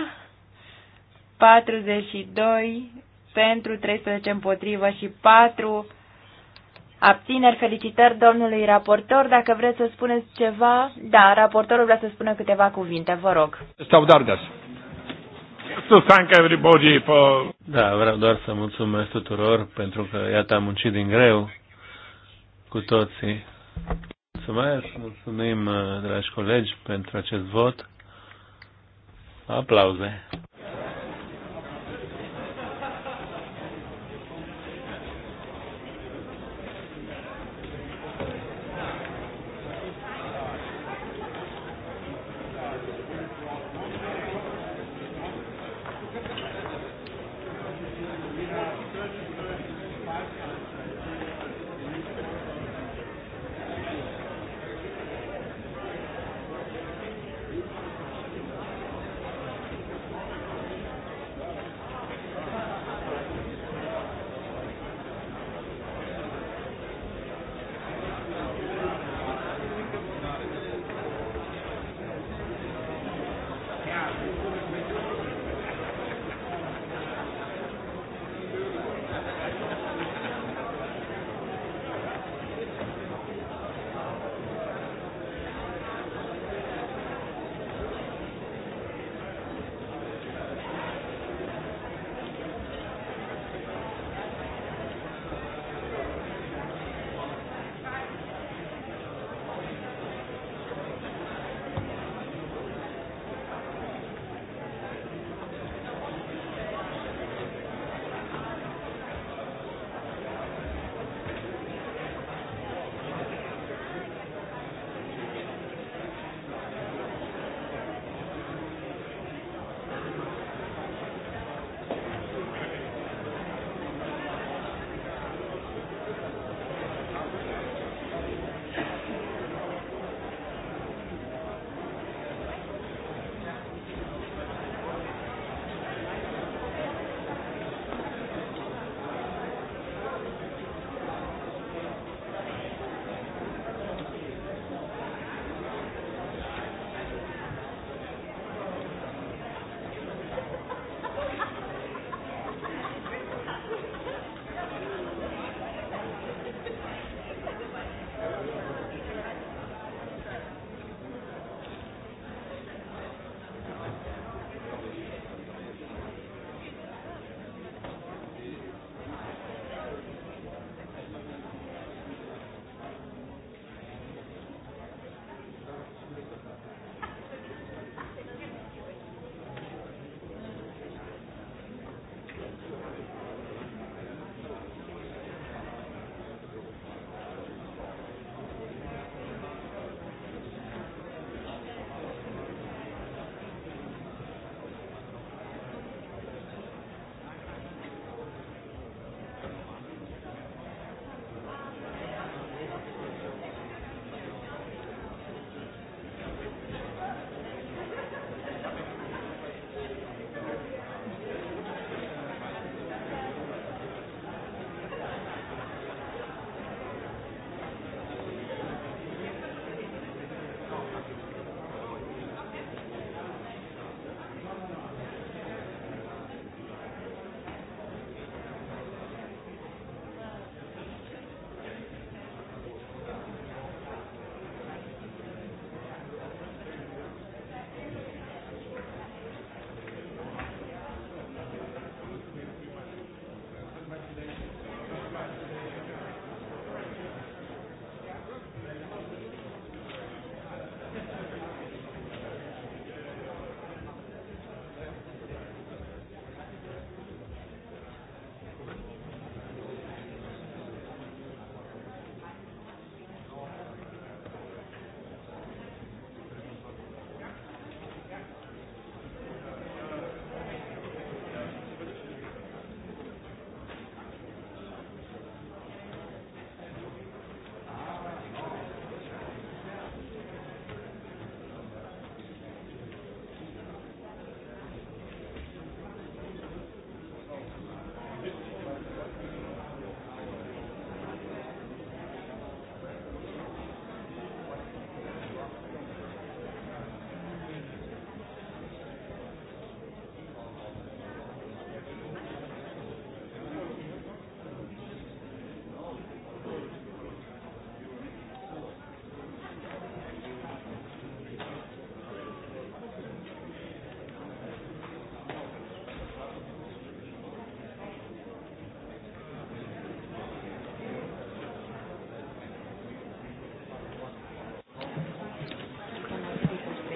42 pentru, 13 împotrivă și 4 abțineri. Felicitări domnului raportor. Dacă vreți să spuneți ceva, da, raportorul vrea să spună câteva cuvinte, vă rog. Staudargas. To thank everybody for... Da, vreau doar să mulțumesc tuturor pentru că, iată, am muncit din greu cu toții. Mulțumesc, mulțumim, dragi colegi, pentru acest vot Aplauze.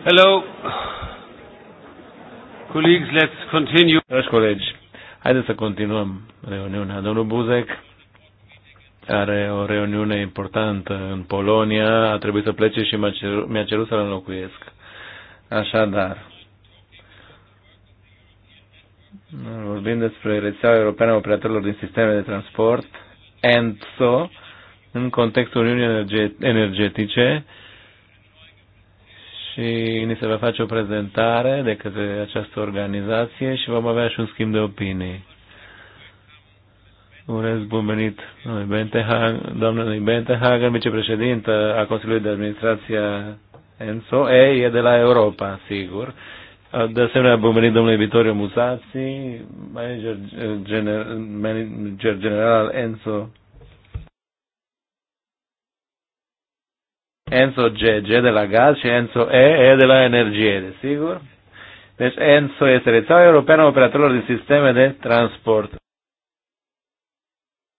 Hello. Colleagues, let's continue. Dragi colegi, haideți să continuăm reuniunea. Domnul Buzek are o reuniune importantă în Polonia, a trebuit să plece și mi-a cerut, să-l înlocuiesc. Așadar, vorbim despre rețeaua europeană a operatorilor din sisteme de transport, ENTSO, în contextul Uniunii Energetice, și ni se va face o prezentare de către această organizație și vom avea și un schimb de opinii. Urez bun venit domnului Bentehagen, vicepreședintă a Consiliului de Administrație ENSO. Ei, e de la Europa, sigur. De asemenea, bun venit domnului Vitorio Musazzi, manager, gener, manager general ENSO Enzo G, G de la gaz și Enzo E, E de la energie, desigur. Deci Enzo este rețeaua europeană a operatorilor de sisteme de transport.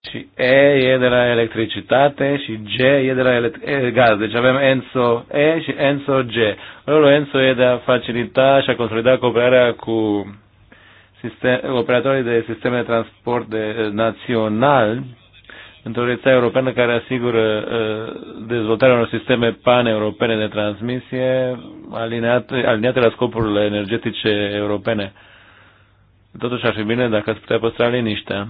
Și E e de la electricitate și G e de la e, gaz. Deci avem Enzo E și Enzo G. Rolul Enzo e de a facilita și a consolida cooperarea cu sistem, operatorii de sisteme de transport de, eh, național într-o rețea europeană care asigură uh, dezvoltarea unor sisteme pan-europene de transmisie alineate, alineate la scopurile energetice europene. Totuși ar fi bine dacă ați putea păstra liniștea.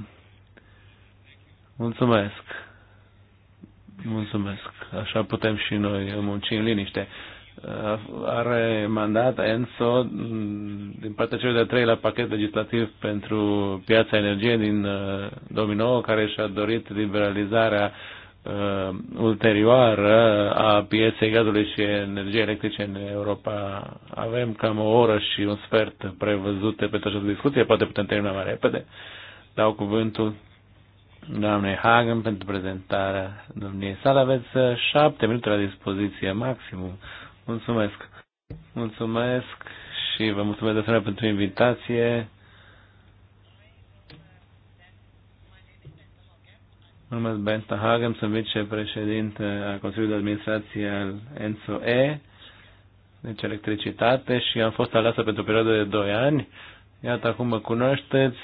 Mulțumesc. Mulțumesc. Așa putem și noi munci în liniște. Uh, are mandat ENSO mm, din partea celor de treilea pachet legislativ pentru piața energiei din 2009, uh, care și-a dorit liberalizarea uh, ulterioară a pieței gazului și energiei electrice în Europa. Avem cam o oră și un sfert prevăzute pentru această discuție, poate putem termina mai repede. Dau cuvântul doamnei Hagen pentru prezentarea domniei sale. Aveți uh, șapte minute la dispoziție maximum. Mulțumesc. Mulțumesc și vă mulțumesc de asemenea pentru invitație. Mă numesc Ben Stahagem, sunt vicepreședinte al Consiliului de Administrație al ENSO-E, deci electricitate, și am fost aleasă pentru o perioadă de 2 ani. Iată, acum mă cunoașteți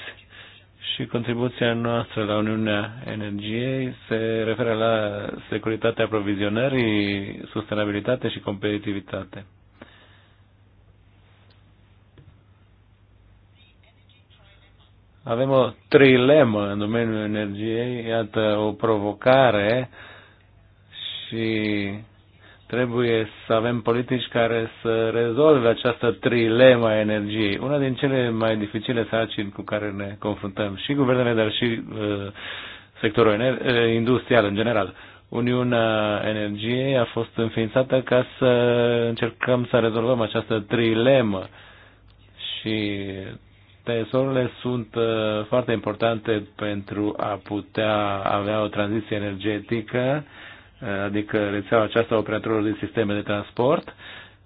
și contribuția noastră la Uniunea Energiei se referă la securitatea aprovizionării, sustenabilitate și competitivitate. Avem o trilemă în domeniul energiei, iată o provocare și Trebuie să avem politici care să rezolve această trilemă a energiei. Una din cele mai dificile sarcini cu care ne confruntăm și guvernele, dar și uh, sectorul ener- uh, industrial în general. Uniunea Energiei a fost înființată ca să încercăm să rezolvăm această trilemă și tso sunt uh, foarte importante pentru a putea avea o tranziție energetică adică rețeaua aceasta operatorilor de sisteme de transport.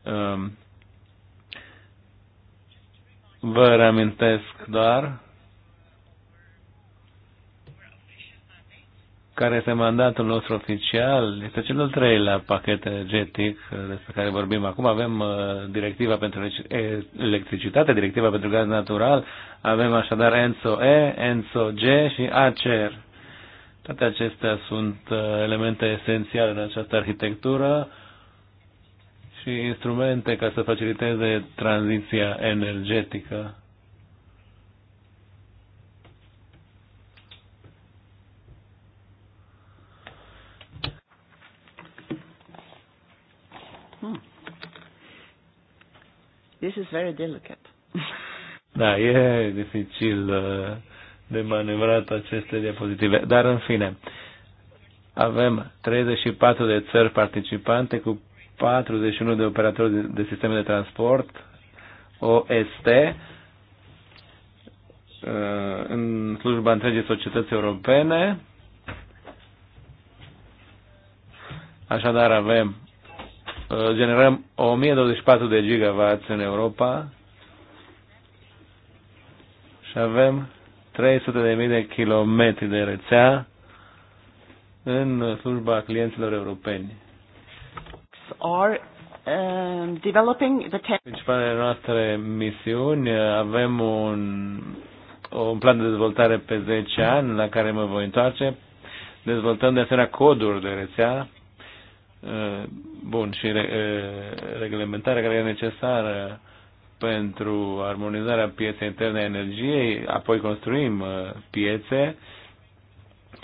Um, vă reamintesc doar care este mandatul nostru oficial, este cel al treilea pachet energetic despre care vorbim acum. Avem uh, directiva pentru electricitate, directiva pentru gaz natural, avem așadar ENSO-E, ENSO-G și ACER. Toate acestea sunt uh, elemente esențiale în această arhitectură și instrumente ca să faciliteze tranziția energetică. Hmm. This is very delicate. da, e dificil uh, de manevrat aceste diapozitive. Dar, în fine, avem 34 de țări participante cu 41 de operatori de sisteme de transport, OST, uh, în slujba întregii societăți europene. Așadar avem, uh, generăm 1024 de gigawatts în Europa și avem 300.000 de kilometri de rețea în slujba clienților europeni. Or, um, developing the Principalele noastre misiuni, avem un, un plan de dezvoltare pe 10 ani la care mă voi întoarce. Dezvoltăm de asemenea coduri de rețea, uh, bun, și uh, reglementarea care e necesară pentru armonizarea pieței interne a energiei, apoi construim uh, piețe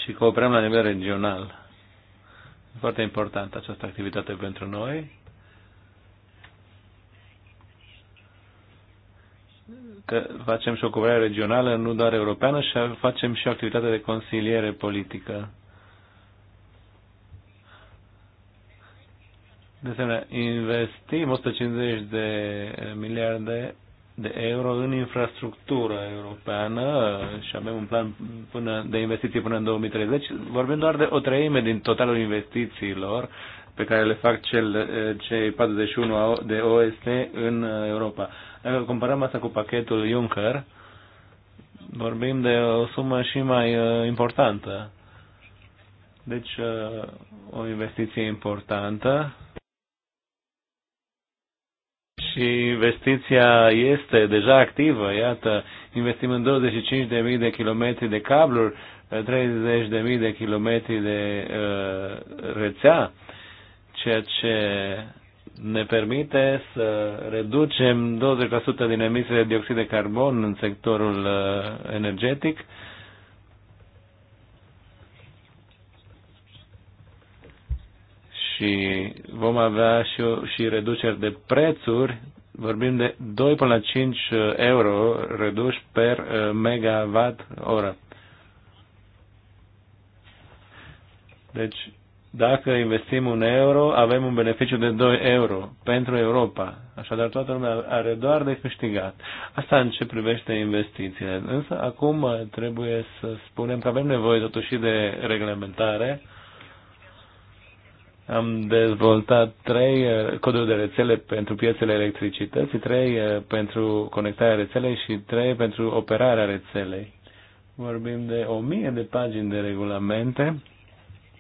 și cooperăm la nivel regional. Foarte importantă această activitate pentru noi. Că facem și o cooperare regională, nu doar europeană, și facem și o activitate de consiliere politică. De asemenea, investim 150 de miliarde de euro în infrastructură europeană și avem un plan până, de investiții până în 2030. Vorbim doar de o treime din totalul investițiilor pe care le fac cel, cei 41 de OST în Europa. Dacă comparăm asta cu pachetul Juncker, vorbim de o sumă și mai uh, importantă. Deci, uh, o investiție importantă și investiția este deja activă, iată, investim în 25.000 de kilometri de cabluri, 30.000 de kilometri de uh, rețea, ceea ce ne permite să reducem 20% din emisiile de dioxid de carbon în sectorul uh, energetic. Uh, și vom avea și, și reduceri de prețuri, vorbim de 2 până la 5 uh, euro reduși per uh, megawatt oră. Deci, dacă investim un euro, avem un beneficiu de 2 euro pentru Europa. Așadar, toată lumea are doar de câștigat. Asta în ce privește investițiile. Însă, acum uh, trebuie să spunem că avem nevoie totuși de reglementare am dezvoltat trei uh, coduri de rețele pentru piețele electricității, trei uh, pentru conectarea rețelei și trei pentru operarea rețelei. Vorbim de o mie de pagini de regulamente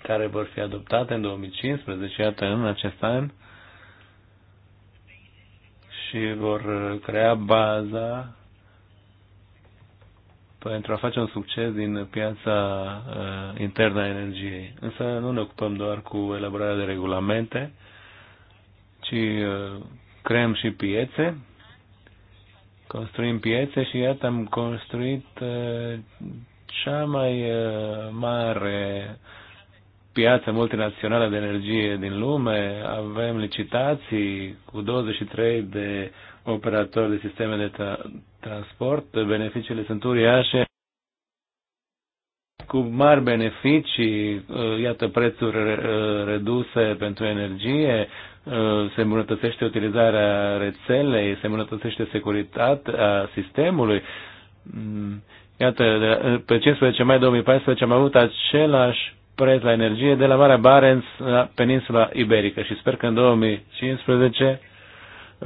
care vor fi adoptate în 2015, iată în acest an, și vor uh, crea baza pentru a face un succes din piața uh, internă a energiei. Însă nu ne ocupăm doar cu elaborarea de regulamente, ci uh, creăm și piețe, construim piețe și iată am construit uh, cea mai uh, mare piață multinațională de energie din lume, avem licitații cu 23 de operatori de sisteme de transport, beneficiile sunt uriașe, cu mari beneficii, uh, iată prețuri uh, reduse pentru energie, uh, se îmbunătățește utilizarea rețelei, se îmbunătățește securitatea sistemului. Mm, iată, pe 15 mai 2014 am avut același preț la energie de la Marea Barents la peninsula iberică și sper că în 2015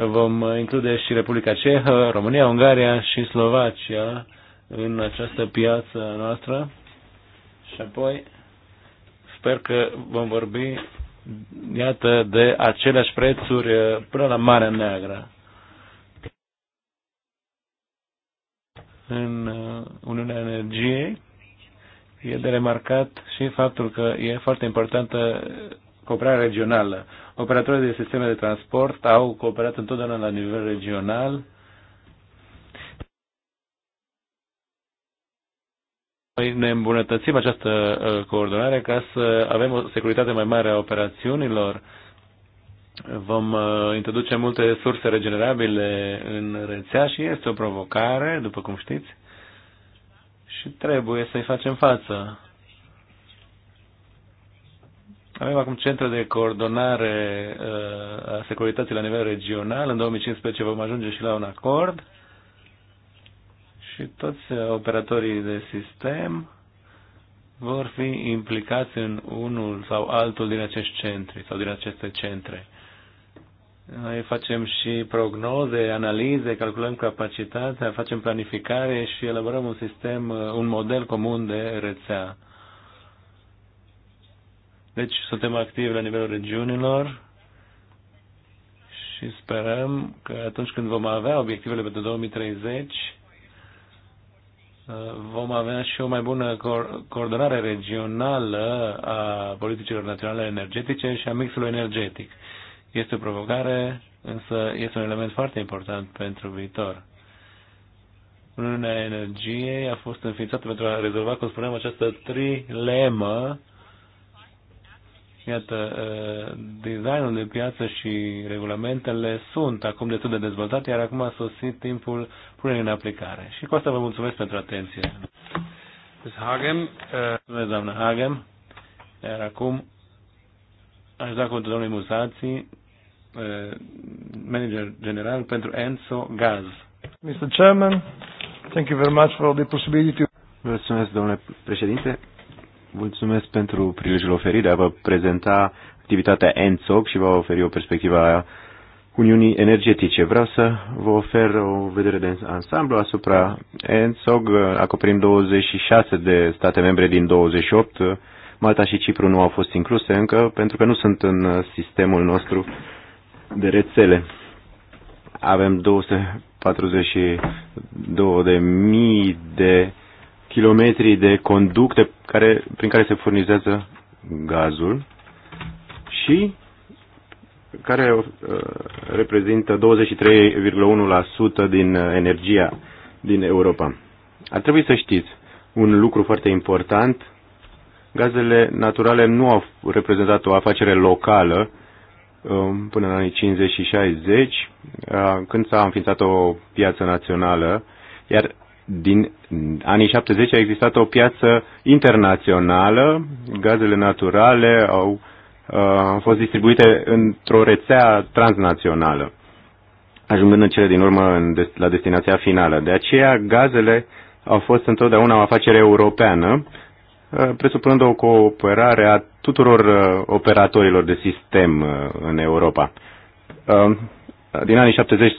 Vom include și Republica Cehă, România, Ungaria și Slovacia în această piață noastră. Și apoi sper că vom vorbi, iată, de aceleași prețuri uh, până la Marea Neagră. În uh, Uniunea Energiei e de remarcat și faptul că e foarte importantă cooperare regională. Operatorii de sisteme de transport au cooperat întotdeauna la nivel regional. Noi ne îmbunătățim această uh, coordonare ca să avem o securitate mai mare a operațiunilor. Vom uh, introduce multe surse regenerabile în rețea și este o provocare, după cum știți, și trebuie să-i facem față avem acum centre de coordonare uh, a securității la nivel regional. În 2015 vom ajunge și la un acord și toți uh, operatorii de sistem vor fi implicați în unul sau altul din acești centri sau din aceste centre. Noi facem și prognoze, analize, calculăm capacitatea, facem planificare și elaborăm un sistem, uh, un model comun de rețea. Deci suntem activi la nivelul regiunilor și sperăm că atunci când vom avea obiectivele pentru 2030, vom avea și o mai bună coordonare regională a politicilor naționale energetice și a mixului energetic. Este o provocare, însă este un element foarte important pentru viitor. Uniunea Energiei a fost înființată pentru a rezolva, cum spuneam, această trilemă Iată, uh, designul de piață și regulamentele sunt acum destul de dezvoltate, iar acum a sosit timpul punerii în aplicare. Și cu asta vă mulțumesc pentru atenție. Hagem. Uh, mulțumesc, doamnă Hagem. Iar acum aș da cuvântul domnului Musați, uh, manager general pentru Enso Gaz. Mr. Chairman, thank you very much for the possibility. Mulțumesc, domnule președinte. Mulțumesc pentru prilejul oferit de a vă prezenta activitatea ENSOC și va oferi o perspectivă a Uniunii Energetice. Vreau să vă ofer o vedere de ansamblu asupra ENSOG. Acoperim 26 de state membre din 28. Malta și Cipru nu au fost incluse încă pentru că nu sunt în sistemul nostru de rețele. Avem 242 de mii de kilometri de conducte care, prin care se furnizează gazul și care uh, reprezintă 23,1% din uh, energia din Europa. Ar trebui să știți un lucru foarte important. Gazele naturale nu au reprezentat o afacere locală um, până în anii 50 și 60, uh, când s-a înființat o piață națională, iar din anii 70 a existat o piață internațională, gazele naturale au uh, fost distribuite într-o rețea transnațională, ajungând în cele din urmă în des- la destinația finală. De aceea, gazele au fost întotdeauna o afacere europeană, uh, presupunând o cooperare a tuturor uh, operatorilor de sistem uh, în Europa. Uh, din anii 70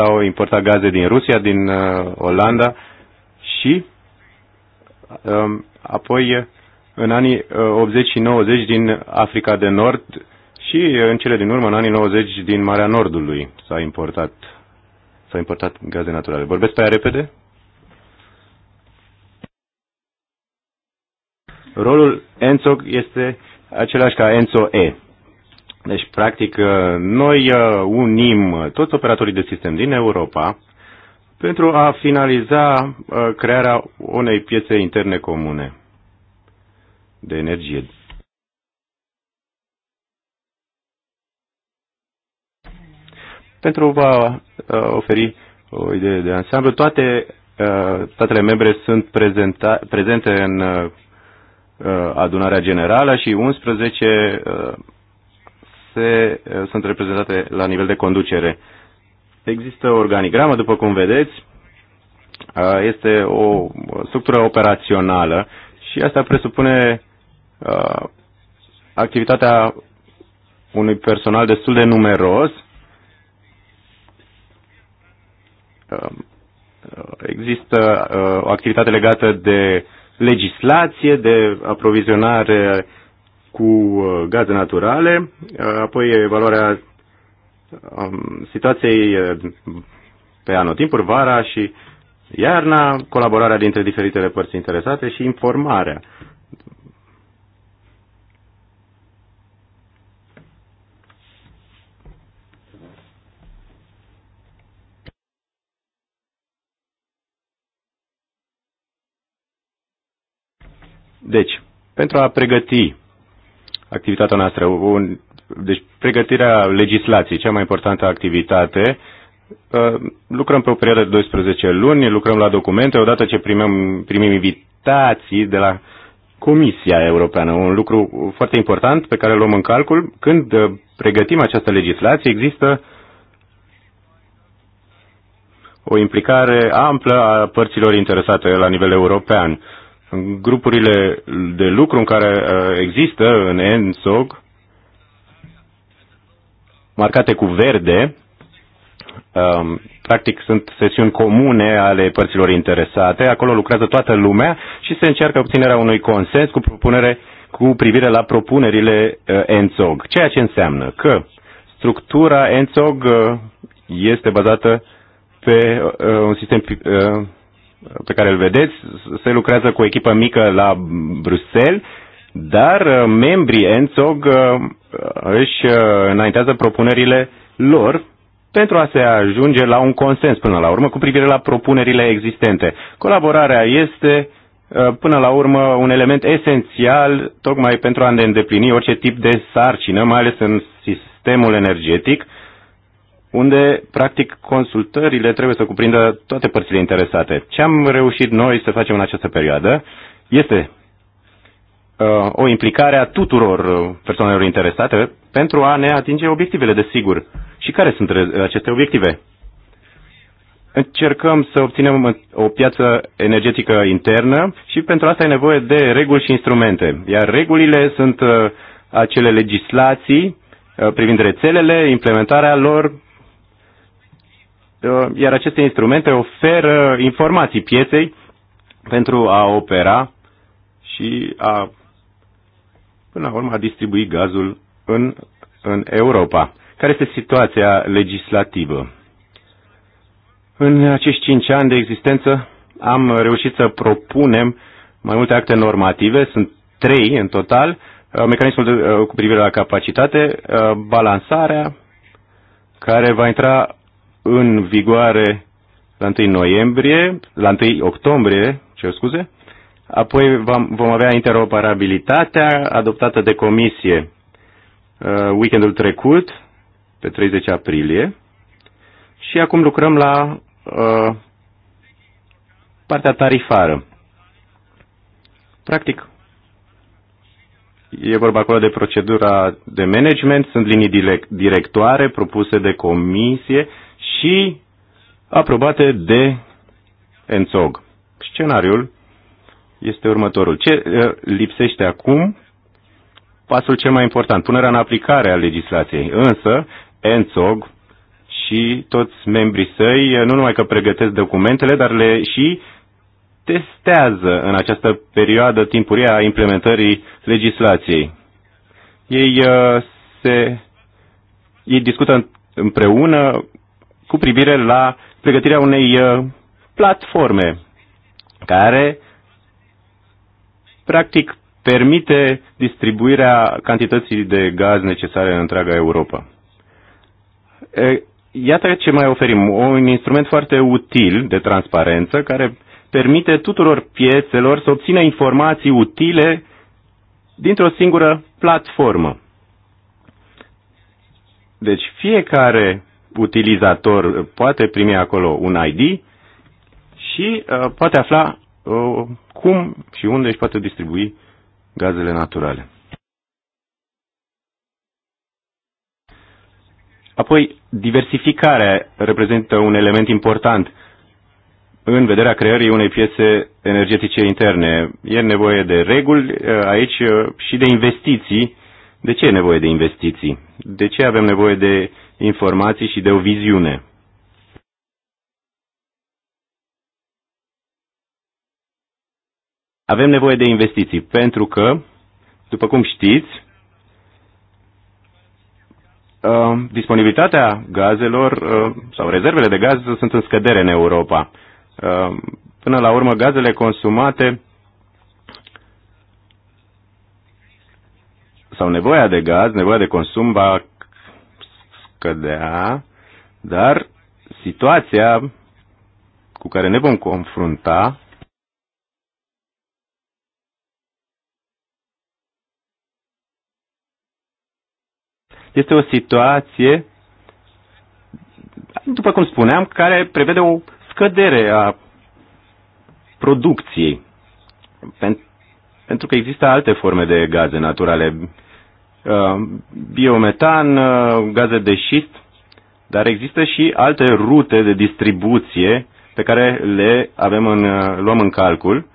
sau importa gaze din Rusia, din uh, Olanda și um, apoi uh, în anii 80 uh, și 90 din Africa de Nord și uh, în cele din urmă, în anii 90 din Marea Nordului s-a importat, s-a importat gaze naturale. Vorbesc pe aia repede? Rolul ENSOC este același ca ENSO-E. Deci, practic, uh, noi uh, unim uh, toți operatorii de sistem din Europa pentru a finaliza crearea unei piețe interne comune de energie. Pentru a oferi o idee de ansamblu, toate statele membre sunt prezenta, prezente în adunarea generală și 11 se, eh, sunt reprezentate la nivel de conducere. Există o organigramă, după cum vedeți, este o structură operațională și asta presupune activitatea unui personal destul de numeros. Există o activitate legată de legislație, de aprovizionare cu uh, gaze naturale, uh, apoi evaluarea um, situației uh, pe anotimpuri, vara și iarna, colaborarea dintre diferitele părți interesate și informarea. Deci, pentru a pregăti activitatea noastră. Un, deci pregătirea legislației, cea mai importantă activitate, uh, lucrăm pe o perioadă de 12 luni, lucrăm la documente, odată ce primim, primim invitații de la Comisia Europeană, un lucru foarte important pe care îl luăm în calcul. Când uh, pregătim această legislație, există o implicare amplă a părților interesate la nivel european grupurile de lucru în care uh, există în ENSOG, marcate cu verde, um, practic sunt sesiuni comune ale părților interesate, acolo lucrează toată lumea și se încearcă obținerea unui consens cu propunere cu privire la propunerile ENSOG, uh, ceea ce înseamnă că structura ENSOG uh, este bazată pe un sistem pe care îl vedeți, se lucrează cu o echipă mică la Bruxelles, dar uh, membrii ENSOG uh, își uh, înaintează propunerile lor pentru a se ajunge la un consens până la urmă cu privire la propunerile existente. Colaborarea este până la urmă un element esențial tocmai pentru a ne îndeplini orice tip de sarcină, mai ales în sistemul energetic, unde, practic, consultările trebuie să cuprindă toate părțile interesate. Ce am reușit noi să facem în această perioadă este uh, o implicare a tuturor uh, persoanelor interesate pentru a ne atinge obiectivele, desigur. Și care sunt uh, aceste obiective? Încercăm să obținem o piață energetică internă și pentru asta e nevoie de reguli și instrumente. Iar regulile sunt uh, acele legislații privind rețelele, implementarea lor, Uh, iar aceste instrumente oferă informații pieței pentru a opera și a, până la urmă, a distribui gazul în, în Europa. Care este situația legislativă? În acești cinci ani de existență am reușit să propunem mai multe acte normative, sunt trei în total, uh, mecanismul de, uh, cu privire la capacitate, balansarea, care va intra în vigoare la 1 noiembrie, la 1 octombrie, ce scuze, apoi vom avea interoperabilitatea adoptată de comisie uh, weekendul trecut, pe 30 aprilie, și acum lucrăm la uh, partea tarifară. Practic, e vorba acolo de procedura de management, sunt linii directoare propuse de comisie și aprobate de ENZOG. Scenariul este următorul. Ce uh, lipsește acum? Pasul cel mai important, punerea în aplicare a legislației. Însă, ENZOG și toți membrii săi uh, nu numai că pregătesc documentele, dar le și testează în această perioadă timpurie a implementării legislației. Ei, uh, se, ei discută împreună cu privire la pregătirea unei uh, platforme care practic permite distribuirea cantității de gaz necesare în întreaga Europa. Iată ce mai oferim, un instrument foarte util de transparență care permite tuturor piețelor să obțină informații utile dintr-o singură platformă. Deci fiecare utilizator poate primi acolo un ID și uh, poate afla uh, cum și unde își poate distribui gazele naturale. Apoi, diversificarea reprezintă un element important în vederea creării unei piețe energetice interne. E nevoie de reguli uh, aici uh, și de investiții. De ce e nevoie de investiții? De ce avem nevoie de informații și de o viziune. Avem nevoie de investiții pentru că, după cum știți, uh, disponibilitatea gazelor uh, sau rezervele de gaz sunt în scădere în Europa. Uh, până la urmă, gazele consumate sau nevoia de gaz, nevoia de consum va cădea, dar situația cu care ne vom confrunta este o situație, după cum spuneam, care prevede o scădere a producției. Pentru că există alte forme de gaze naturale Uh, biometan, uh, gaze de șist, dar există și alte rute de distribuție pe care le avem în, uh, luăm în calcul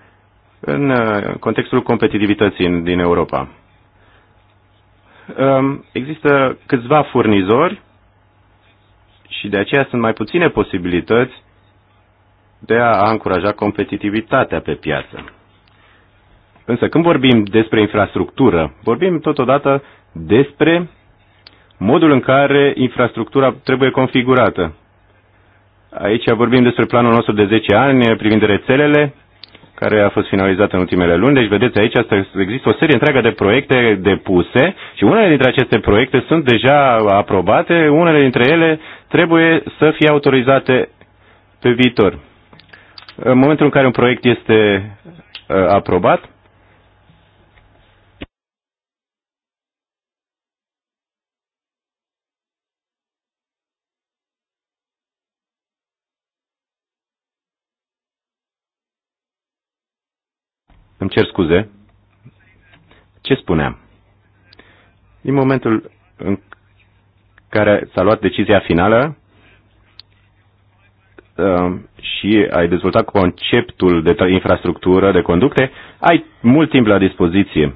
în contextul competitivității din Europa. Um, există câțiva furnizori și de aceea sunt mai puține posibilități de a încuraja competitivitatea pe piață. Însă când vorbim despre infrastructură, vorbim totodată despre modul în care infrastructura trebuie configurată. Aici vorbim despre planul nostru de 10 ani privind rețelele, care a fost finalizat în ultimele luni. Deci, vedeți, aici există o serie întreagă de proiecte depuse și unele dintre aceste proiecte sunt deja aprobate, unele dintre ele trebuie să fie autorizate pe viitor. În momentul în care un proiect este uh, aprobat, Îmi cer scuze. Ce spuneam? Din momentul în care s-a luat decizia finală uh, și ai dezvoltat conceptul de infrastructură, de conducte, ai mult timp la dispoziție.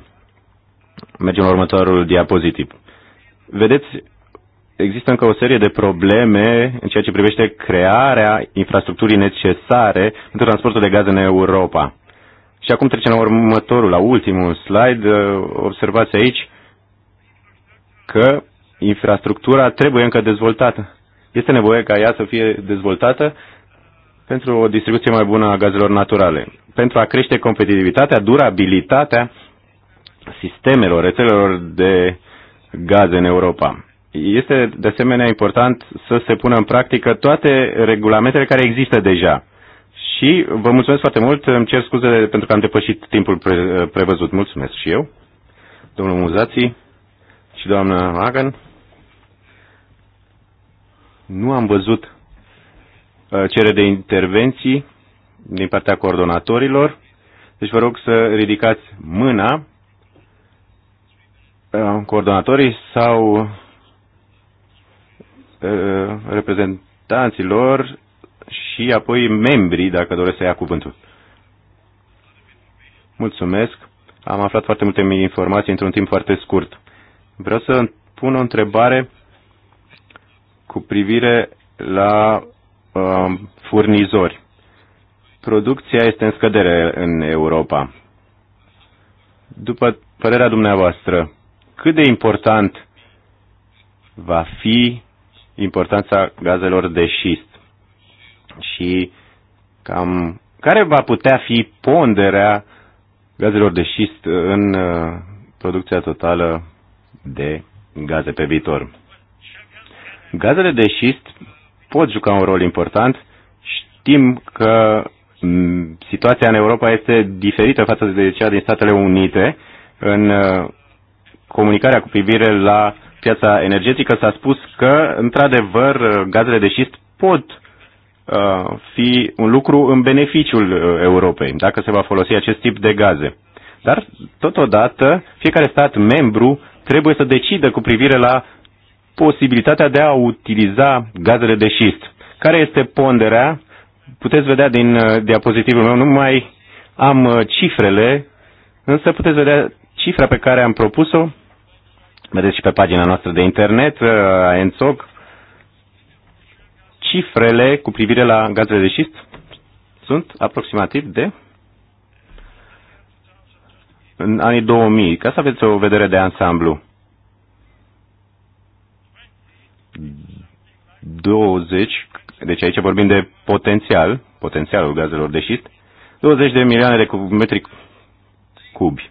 Mergem la următorul diapozitiv. Vedeți, există încă o serie de probleme în ceea ce privește crearea infrastructurii necesare pentru transportul de gaze în Europa. Și acum trecem la următorul, la ultimul slide. Uh, observați aici că infrastructura trebuie încă dezvoltată. Este nevoie ca ea să fie dezvoltată pentru o distribuție mai bună a gazelor naturale, pentru a crește competitivitatea, durabilitatea sistemelor, rețelelor de gaze în Europa. Este de asemenea important să se pună în practică toate regulamentele care există deja. Și vă mulțumesc foarte mult, îmi cer scuze pentru că am depășit timpul pre- prevăzut. Mulțumesc și eu, domnul Muzații și doamna Hagan. Nu am văzut uh, cerere de intervenții din partea coordonatorilor, deci vă rog să ridicați mâna uh, coordonatorii sau uh, reprezentanților și apoi membrii, dacă doresc să ia cuvântul. Mulțumesc. Am aflat foarte multe informații într-un timp foarte scurt. Vreau să pun o întrebare cu privire la uh, furnizori. Producția este în scădere în Europa. După părerea dumneavoastră, cât de important va fi importanța gazelor de șist și cam care va putea fi ponderea gazelor de șist în uh, producția totală de gaze pe viitor. Gazele de șist pot juca un rol important. Știm că situația în Europa este diferită față de cea din Statele Unite. În uh, comunicarea cu privire la piața energetică s-a spus că, într-adevăr, uh, gazele de șist pot Uh, fi un lucru în beneficiul uh, Europei, dacă se va folosi acest tip de gaze. Dar, totodată, fiecare stat membru trebuie să decidă cu privire la posibilitatea de a utiliza gazele de șist. Care este ponderea? Puteți vedea din uh, diapozitivul meu, nu mai am cifrele, însă puteți vedea cifra pe care am propus-o. Vedeți și pe pagina noastră de internet, a ENSOC, cifrele cu privire la gazele de șist sunt aproximativ de în anii 2000, ca să aveți o vedere de ansamblu. 20, deci aici vorbim de potențial, potențialul gazelor de șist, 20 de milioane de metri cubi.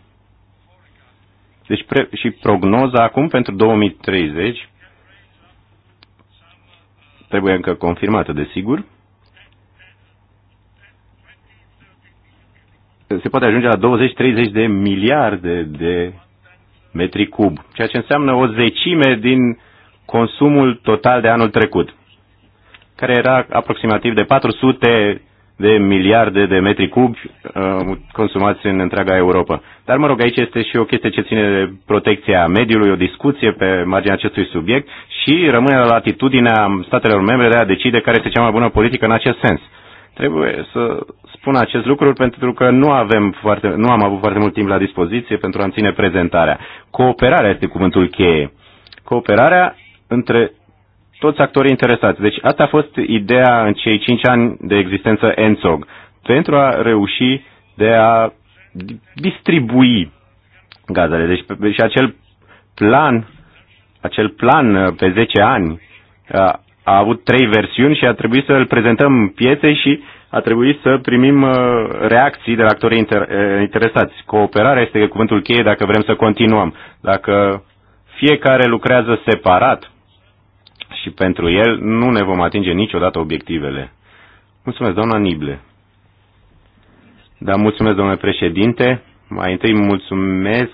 Deci pre, și prognoza acum pentru 2030 trebuie încă confirmată, desigur. Se poate ajunge la 20-30 de miliarde de metri cub, ceea ce înseamnă o zecime din consumul total de anul trecut, care era aproximativ de 400 de miliarde de metri cubi uh, consumați în întreaga Europa. Dar, mă rog, aici este și o chestie ce ține de protecția mediului, o discuție pe marginea acestui subiect și rămâne la latitudinea statelor membre de a decide care este cea mai bună politică în acest sens. Trebuie să spun acest lucru pentru că nu, avem foarte, nu am avut foarte mult timp la dispoziție pentru a-mi ține prezentarea. Cooperarea este cuvântul cheie. Cooperarea între toți actorii interesați. Deci asta a fost ideea în cei cinci ani de existență ENSOG, pentru a reuși de a distribui gazele. Deci și acel plan, acel plan uh, pe 10 ani a, uh, a avut trei versiuni și a trebuit să îl prezentăm pieței și a trebuit să primim uh, reacții de la actorii inter- interesați. Cooperarea este cuvântul cheie dacă vrem să continuăm. Dacă fiecare lucrează separat, și pentru el nu ne vom atinge niciodată obiectivele. Mulțumesc, doamna Nible. Da, mulțumesc, domnule președinte. Mai întâi mulțumesc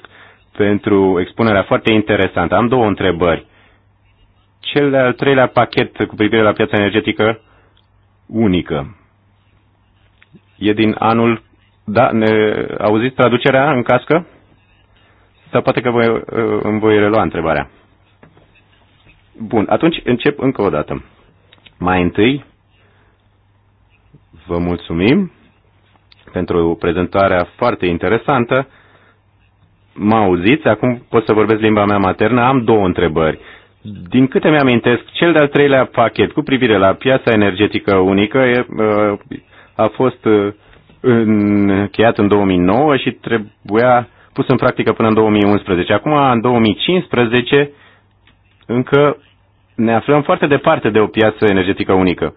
pentru expunerea foarte interesantă. Am două întrebări. Cel de-al treilea pachet cu privire la piața energetică unică. E din anul... Da, ne auziți traducerea în cască? Sau poate că voi, îmi voi relua întrebarea. Bun, atunci încep încă o dată. Mai întâi, vă mulțumim pentru prezentarea foarte interesantă. Mă auziți? Acum pot să vorbesc limba mea maternă. Am două întrebări. Din câte mi-amintesc, cel de-al treilea pachet cu privire la piața energetică unică e, uh, a fost uh, încheiat în 2009 și trebuia pus în practică până în 2011. Acum, în 2015, încă ne aflăm foarte departe de o piață energetică unică.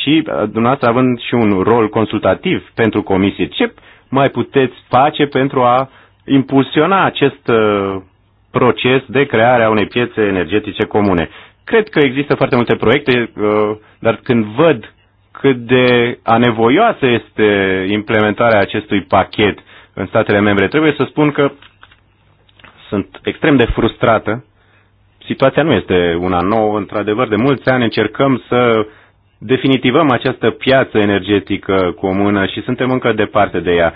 Și uh, dumneavoastră având și un rol consultativ pentru comisie, ce mai puteți face pentru a impulsiona acest uh, proces de creare a unei piețe energetice comune? Cred că există foarte multe proiecte, uh, dar când văd cât de anevoioasă este implementarea acestui pachet în statele membre, trebuie să spun că sunt extrem de frustrată situația nu este una nouă. Într-adevăr, de mulți ani încercăm să definitivăm această piață energetică comună și suntem încă departe de ea.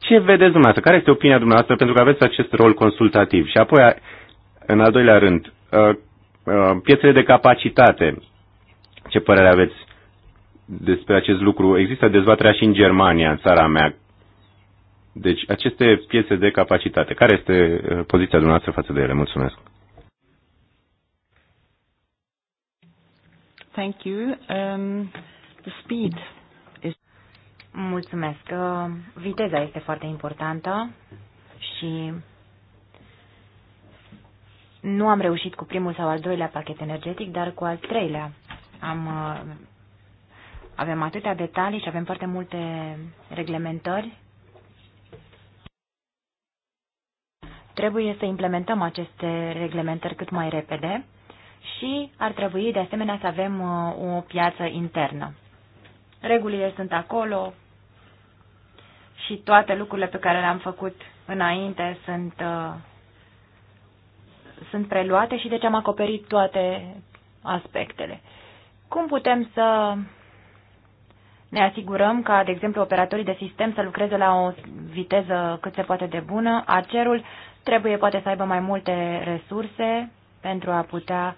Ce vedeți dumneavoastră? Care este opinia dumneavoastră? Pentru că aveți acest rol consultativ. Și apoi, în al doilea rând, uh, uh, piețele de capacitate. Ce părere aveți despre acest lucru? Există dezbaterea și în Germania, în țara mea. Deci, aceste piețe de capacitate. Care este uh, poziția dumneavoastră față de ele? Mulțumesc. Thank you. Um, the speed is... Mulțumesc. Uh, viteza este foarte importantă și nu am reușit cu primul sau al doilea pachet energetic, dar cu al treilea am, uh, avem atâtea detalii și avem foarte multe reglementări. Trebuie să implementăm aceste reglementări cât mai repede și ar trebui de asemenea să avem uh, o piață internă. Regulile sunt acolo și toate lucrurile pe care le-am făcut înainte sunt, uh, sunt preluate și deci am acoperit toate aspectele. Cum putem să ne asigurăm ca, de exemplu, operatorii de sistem să lucreze la o viteză cât se poate de bună. Acerul trebuie poate să aibă mai multe resurse pentru a putea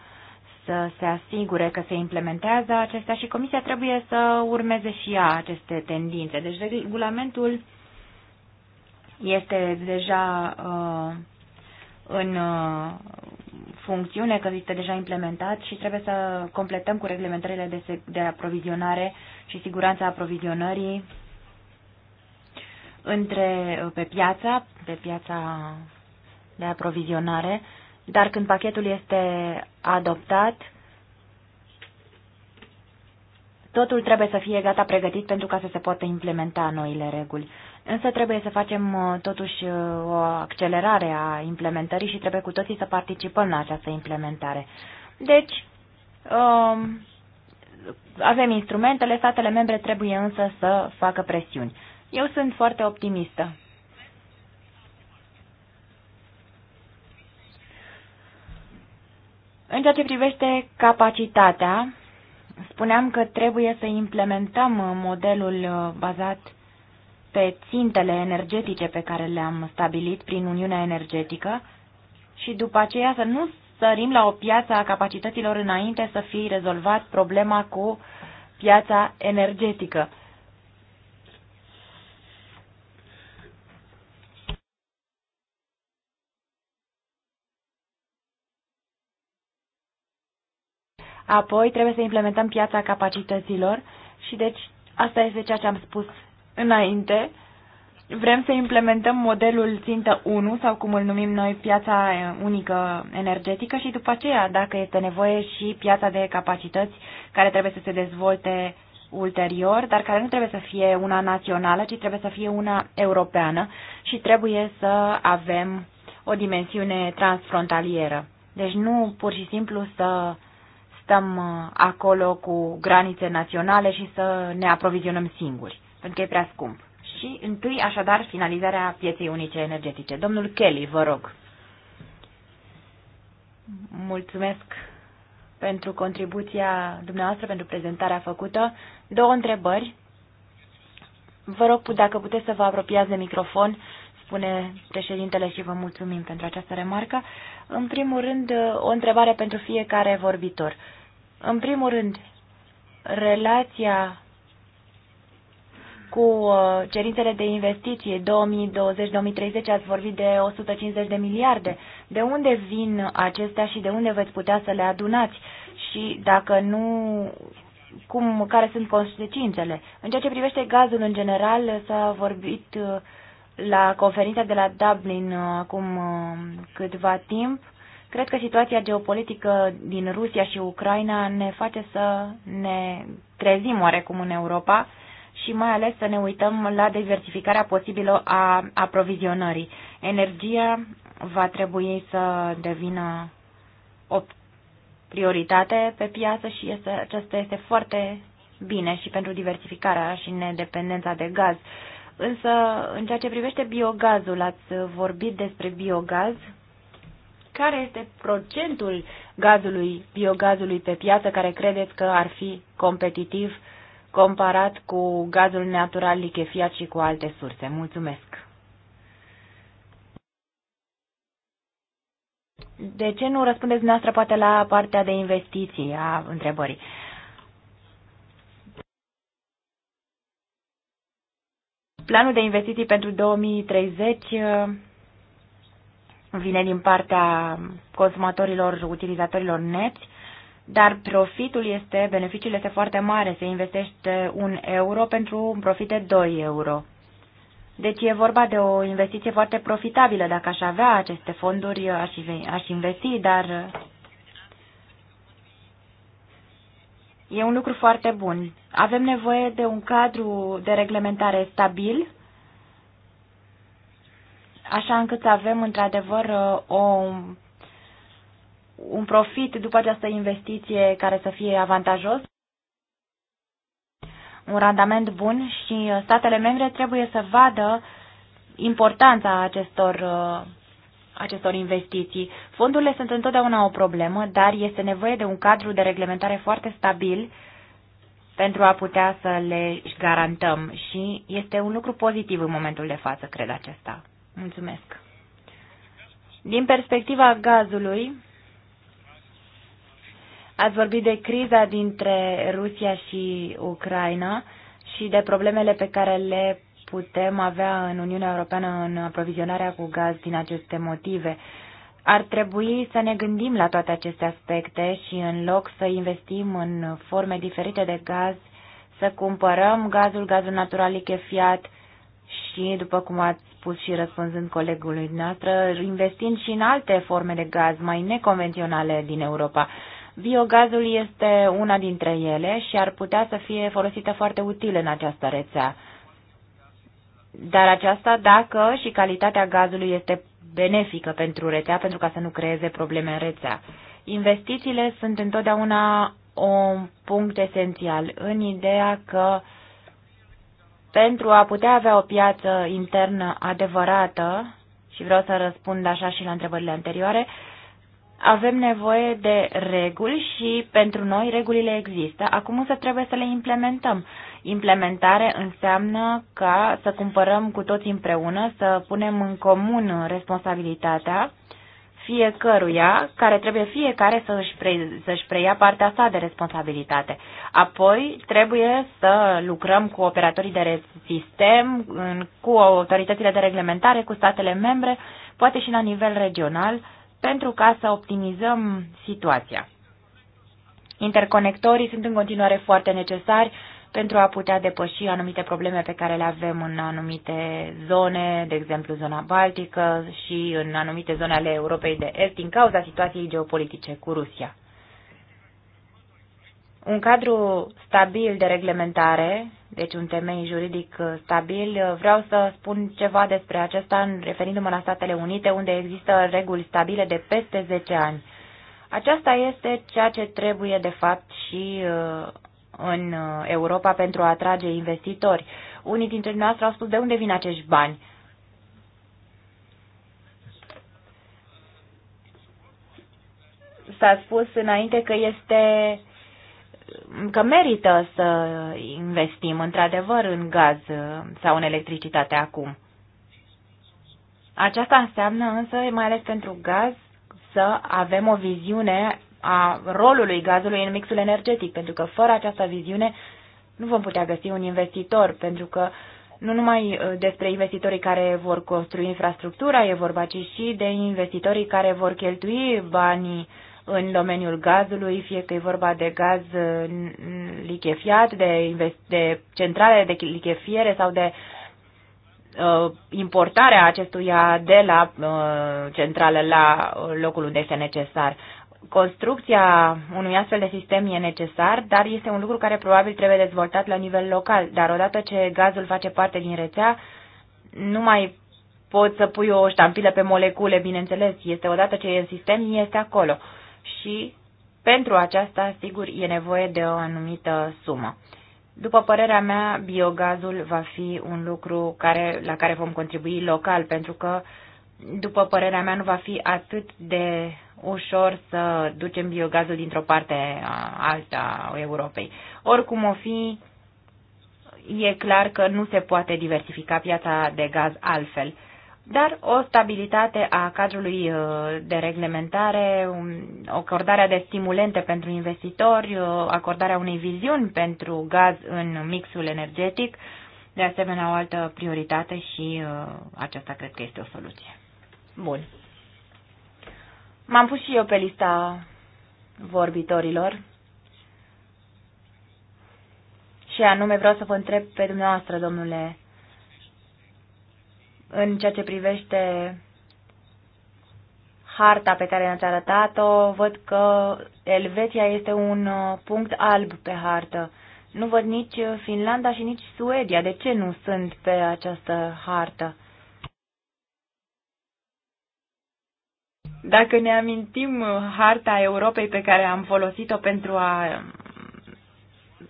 să se asigure că se implementează acestea și Comisia trebuie să urmeze și ea aceste tendințe. Deci regulamentul este deja uh, în uh, funcțiune, că este deja implementat și trebuie să completăm cu reglementările de, de aprovizionare și siguranța aprovizionării între, pe piața, pe piața de aprovizionare dar când pachetul este adoptat, totul trebuie să fie gata pregătit pentru ca să se poată implementa noile reguli. Însă trebuie să facem uh, totuși uh, o accelerare a implementării și trebuie cu toții să participăm la această implementare. Deci, um, avem instrumentele, statele membre trebuie însă să facă presiuni. Eu sunt foarte optimistă. În ceea ce privește capacitatea, spuneam că trebuie să implementăm modelul uh, bazat pe țintele energetice pe care le-am stabilit prin Uniunea Energetică și după aceea să nu sărim la o piață a capacităților înainte să fie rezolvat problema cu piața energetică. Apoi trebuie să implementăm piața capacităților și deci asta este ceea ce am spus înainte. Vrem să implementăm modelul țintă 1 sau cum îl numim noi piața eh, unică energetică și după aceea, dacă este nevoie, și piața de capacități care trebuie să se dezvolte ulterior, dar care nu trebuie să fie una națională, ci trebuie să fie una europeană și trebuie să avem o dimensiune transfrontalieră. Deci nu pur și simplu să stăm uh, acolo cu granițe naționale și să ne aprovizionăm singuri, pentru că e prea scump. Și întâi, așadar, finalizarea pieței unice energetice. Domnul Kelly, vă rog. Mulțumesc pentru contribuția dumneavoastră, pentru prezentarea făcută. Două întrebări. Vă rog, dacă puteți să vă apropiați de microfon, spune președintele și vă mulțumim pentru această remarcă. În primul rând, o întrebare pentru fiecare vorbitor. În primul rând, relația cu uh, cerințele de investiție 2020-2030, ați vorbit de 150 de miliarde. De unde vin acestea și de unde veți putea să le adunați? Și dacă nu, cum, care sunt consecințele? În ceea ce privește gazul în general, s-a vorbit uh, la conferința de la Dublin uh, acum uh, câtva timp, cred că situația geopolitică din Rusia și Ucraina ne face să ne trezim oarecum în Europa și mai ales să ne uităm la diversificarea posibilă a aprovizionării. Energia va trebui să devină o prioritate pe piață și este, aceasta este foarte bine și pentru diversificarea și nedependența de gaz. Însă, în ceea ce privește biogazul, ați vorbit despre biogaz. Care este procentul gazului, biogazului pe piață care credeți că ar fi competitiv comparat cu gazul natural lichefiat și cu alte surse? Mulțumesc! De ce nu răspundeți dumneavoastră poate la partea de investiții a întrebării? Planul de investiții pentru 2030 uh, vine din partea consumatorilor, utilizatorilor neți, dar profitul este, beneficiul este foarte mare, se investește un euro pentru un profit de 2 euro. Deci e vorba de o investiție foarte profitabilă. Dacă aș avea aceste fonduri, aș investi, dar E un lucru foarte bun. Avem nevoie de un cadru de reglementare stabil, așa încât să avem într-adevăr o, un profit după această investiție care să fie avantajos, un randament bun și statele membre trebuie să vadă importanța acestor acestor investiții. Fondurile sunt întotdeauna o problemă, dar este nevoie de un cadru de reglementare foarte stabil pentru a putea să le garantăm și este un lucru pozitiv în momentul de față, cred acesta. Mulțumesc. Din perspectiva gazului, ați vorbit de criza dintre Rusia și Ucraina și de problemele pe care le putem avea în Uniunea Europeană în aprovizionarea cu gaz din aceste motive. Ar trebui să ne gândim la toate aceste aspecte și în loc să investim în forme diferite de gaz, să cumpărăm gazul, gazul natural lichefiat și, după cum ați spus și răspunzând colegului noastră, investind și în alte forme de gaz mai neconvenționale din Europa. Biogazul este una dintre ele și ar putea să fie folosită foarte util în această rețea. Dar aceasta dacă și calitatea gazului este benefică pentru rețea, pentru ca să nu creeze probleme în rețea. Investițiile sunt întotdeauna un punct esențial în ideea că pentru a putea avea o piață internă adevărată, și vreau să răspund așa și la întrebările anterioare, avem nevoie de reguli și pentru noi regulile există. Acum însă trebuie să le implementăm. Implementare înseamnă ca să cumpărăm cu toți împreună, să punem în comun responsabilitatea fiecăruia, care trebuie fiecare să își, pre, să preia partea sa de responsabilitate. Apoi trebuie să lucrăm cu operatorii de sistem, cu autoritățile de reglementare, cu statele membre, poate și la nivel regional, pentru ca să optimizăm situația. Interconectorii sunt în continuare foarte necesari, pentru a putea depăși anumite probleme pe care le avem în anumite zone, de exemplu zona Baltică și în anumite zone ale Europei de Est, din cauza situației geopolitice cu Rusia. Un cadru stabil de reglementare, deci un temei juridic stabil, vreau să spun ceva despre acesta referindu-mă la Statele Unite, unde există reguli stabile de peste 10 ani. Aceasta este ceea ce trebuie, de fapt, și uh, în uh, Europa pentru a atrage investitori. Unii dintre noastre au spus de unde vin acești bani. S-a spus înainte că este că merită să investim într-adevăr în gaz uh, sau în electricitate acum. Aceasta înseamnă însă, mai ales pentru gaz, să avem o viziune a rolului gazului în mixul energetic, pentru că fără această viziune nu vom putea găsi un investitor, pentru că nu numai uh, despre investitorii care vor construi infrastructura e vorba, ci și de investitorii care vor cheltui banii în domeniul gazului, fie că e vorba de gaz uh, lichefiat, de, de centrale de lichefiere sau de uh, importarea acestuia de la uh, centrală la locul unde este necesar construcția unui astfel de sistem e necesar, dar este un lucru care probabil trebuie dezvoltat la nivel local. Dar odată ce gazul face parte din rețea, nu mai poți să pui o ștampilă pe molecule, bineînțeles. Este odată ce e în sistem, este acolo. Și pentru aceasta, sigur, e nevoie de o anumită sumă. După părerea mea, biogazul va fi un lucru care, la care vom contribui local, pentru că, după părerea mea, nu va fi atât de ușor să ducem biogazul dintr-o parte alta a Europei. Oricum o fi, e clar că nu se poate diversifica piața de gaz altfel. Dar o stabilitate a cadrului uh, de reglementare, acordarea de stimulente pentru investitori, uh, acordarea unei viziuni pentru gaz în mixul energetic, de asemenea o altă prioritate și uh, aceasta cred că este o soluție. Bun. M-am pus și eu pe lista vorbitorilor. Și anume vreau să vă întreb pe dumneavoastră, domnule, în ceea ce privește harta pe care ne-ați arătat-o, văd că Elveția este un uh, punct alb pe hartă. Nu văd nici Finlanda și nici Suedia. De ce nu sunt pe această hartă? Dacă ne amintim uh, harta Europei pe care am folosit-o pentru a um,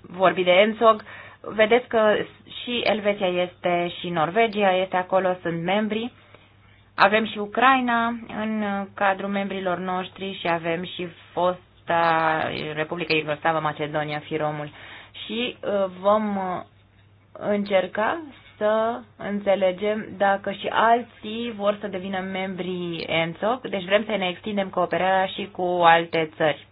vorbi de Enzog, vedeți că și Elveția este și Norvegia este acolo, sunt membri. Avem și Ucraina în uh, cadrul membrilor noștri și avem și fosta uh, Republica Iugoslavă Macedonia, Firomul. Și vom încerca să înțelegem dacă și alții vor să devină membri ENSOC, deci vrem să ne extindem cooperarea și cu alte țări.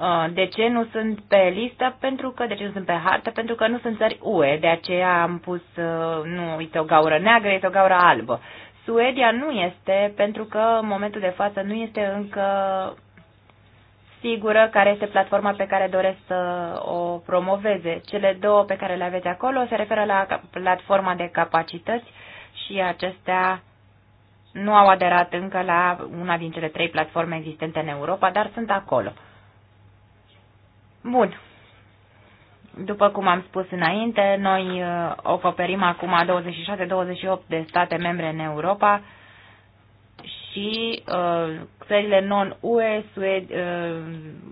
Uh, de ce nu sunt pe listă? Pentru că, de ce nu sunt pe hartă? Pentru că nu sunt țări UE, de aceea am pus, uh, nu, este o gaură neagră, este o gaură albă. Suedia nu este, pentru că în momentul de față nu este încă sigură care este platforma pe care doresc să o promoveze. Cele două pe care le aveți acolo se referă la platforma de capacități și acestea nu au aderat încă la una din cele trei platforme existente în Europa, dar sunt acolo. Bun. După cum am spus înainte, noi acoperim uh, acum 26-28 de state membre în Europa și uh, țările non-UE, uh,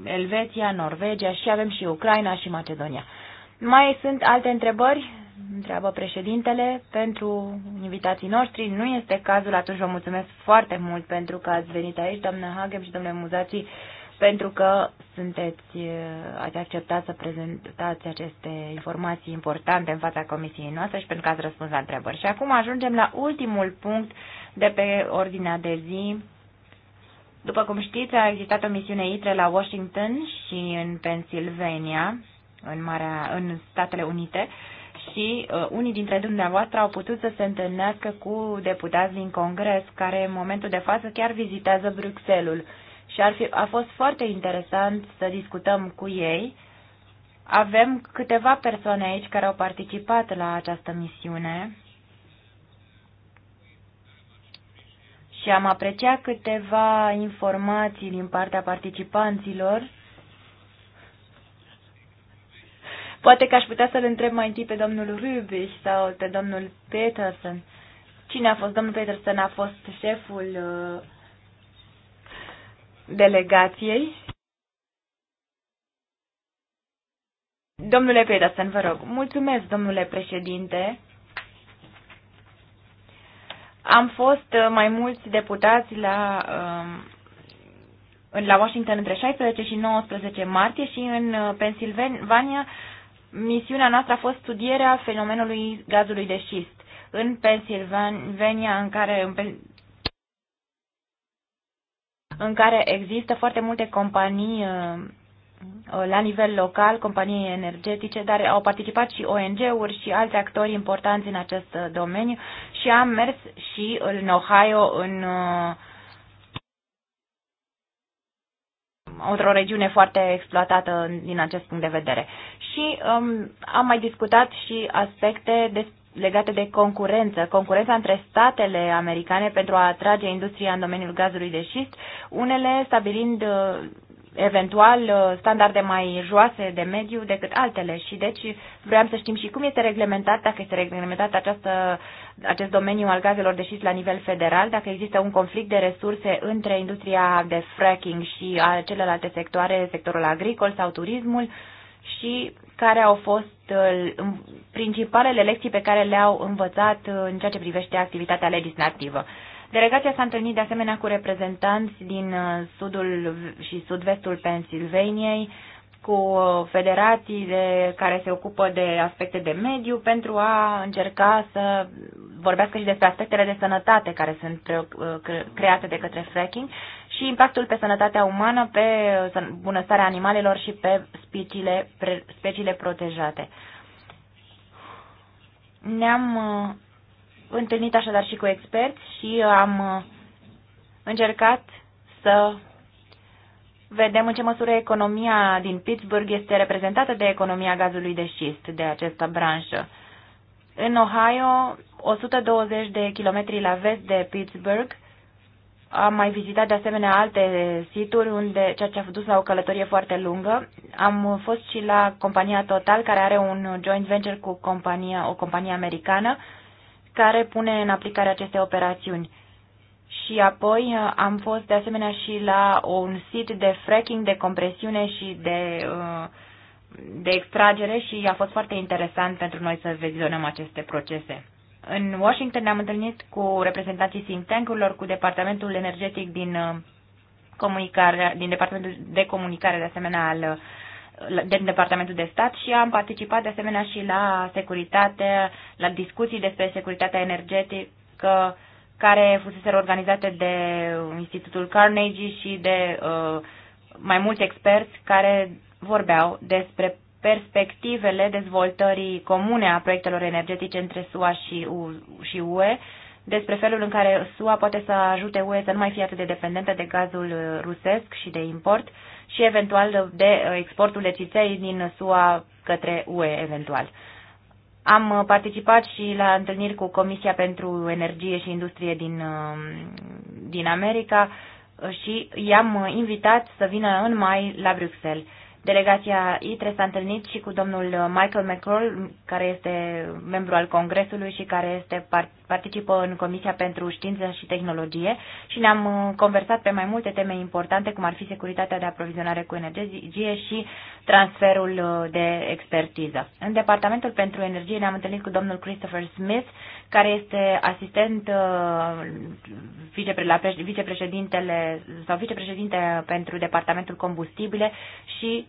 Elveția, Norvegia și avem și Ucraina și Macedonia. Mai sunt alte întrebări? Întreabă președintele pentru invitații noștri. Nu este cazul, atunci vă mulțumesc foarte mult pentru că ați venit aici, doamnă Hagem și domnule Muzații pentru că sunteți, uh, ați acceptat să prezentați aceste informații importante în fața comisiei noastre și pentru că ați răspuns la întrebări. Și acum ajungem la ultimul punct de pe ordinea de zi. După cum știți, a existat o misiune ITRE la Washington și în Pennsylvania, în, Marea, în Statele Unite, și uh, unii dintre dumneavoastră au putut să se întâlnească cu deputați din Congres, care în momentul de față chiar vizitează Bruxelles și ar fi, a fost foarte interesant să discutăm cu ei. Avem câteva persoane aici care au participat la această misiune și am apreciat câteva informații din partea participanților. Poate că aș putea să-l întreb mai întâi pe domnul Rubiș sau pe domnul Peterson. Cine a fost? Domnul Peterson a fost șeful uh, delegației. Domnule Pedersen, vă rog. Mulțumesc, domnule președinte. Am fost uh, mai mulți deputați la, um, la Washington între 16 și 19 martie și în uh, Pennsylvania misiunea noastră a fost studierea fenomenului gazului de șist. În Pennsylvania, în care în care există foarte multe companii uh, la nivel local, companii energetice, dar au participat și ONG-uri și alți actori importanți în acest uh, domeniu și am mers și în Ohio, în uh, într-o regiune foarte exploatată din acest punct de vedere. Și um, am mai discutat și aspecte despre legate de concurență, concurența între statele americane pentru a atrage industria în domeniul gazului de șist, unele stabilind uh, eventual uh, standarde mai joase de mediu decât altele și deci vreau să știm și cum este reglementat, dacă este reglementat această, acest domeniu al gazelor de șist la nivel federal, dacă există un conflict de resurse între industria de fracking și celelalte sectoare, sectorul agricol sau turismul și care au fost uh, principalele lecții pe care le-au învățat uh, în ceea ce privește activitatea legislativă. Delegația s-a întâlnit de asemenea cu reprezentanți din uh, sudul și sud-vestul Pennsylvaniei, cu federații de, care se ocupă de aspecte de mediu pentru a încerca să vorbească și despre aspectele de sănătate care sunt uh, create de către fracking și impactul pe sănătatea umană, pe uh, bunăstarea animalelor și pe speciile, speciile protejate. Ne-am uh, întâlnit așadar și cu experți și am încercat să vedem în ce măsură economia din Pittsburgh este reprezentată de economia gazului de șist, de această branșă. În Ohio, 120 de kilometri la vest de Pittsburgh, am mai vizitat de asemenea alte situri, unde, ceea ce a dus la o călătorie foarte lungă. Am fost și la compania Total, care are un joint venture cu compania, o companie americană, care pune în aplicare aceste operațiuni. Și apoi uh, am fost de asemenea și la un sit de fracking, de compresiune și de uh, de extragere și a fost foarte interesant pentru noi să vizionăm aceste procese. În Washington ne-am întâlnit cu reprezentanții think tank cu departamentul energetic din, uh, comunicare, din departamentul de comunicare de asemenea al uh, din Departamentul de Stat și am participat de asemenea și la securitate, la discuții despre securitatea energetică care fusese organizate de Institutul Carnegie și de uh, mai mulți experți care vorbeau despre perspectivele dezvoltării comune a proiectelor energetice între SUA și UE, despre felul în care SUA poate să ajute UE să nu mai fie atât de dependentă de gazul uh, rusesc și de import și eventual de uh, exportul de țiței din SUA către UE eventual. Am uh, participat și la întâlniri cu Comisia pentru Energie și Industrie din, um, din America și i-am invitat să vină în mai la Bruxelles. Delegația ITRE s-a întâlnit și cu domnul Michael McCroll, care este membru al Congresului și care este part participă în Comisia pentru Știință și Tehnologie și ne-am uh, conversat pe mai multe teme importante, cum ar fi securitatea de aprovizionare cu energie și transferul uh, de expertiză. În Departamentul pentru Energie ne-am întâlnit cu domnul Christopher Smith, care este asistent uh, vicepreședintele sau vicepreședinte pentru Departamentul Combustibile și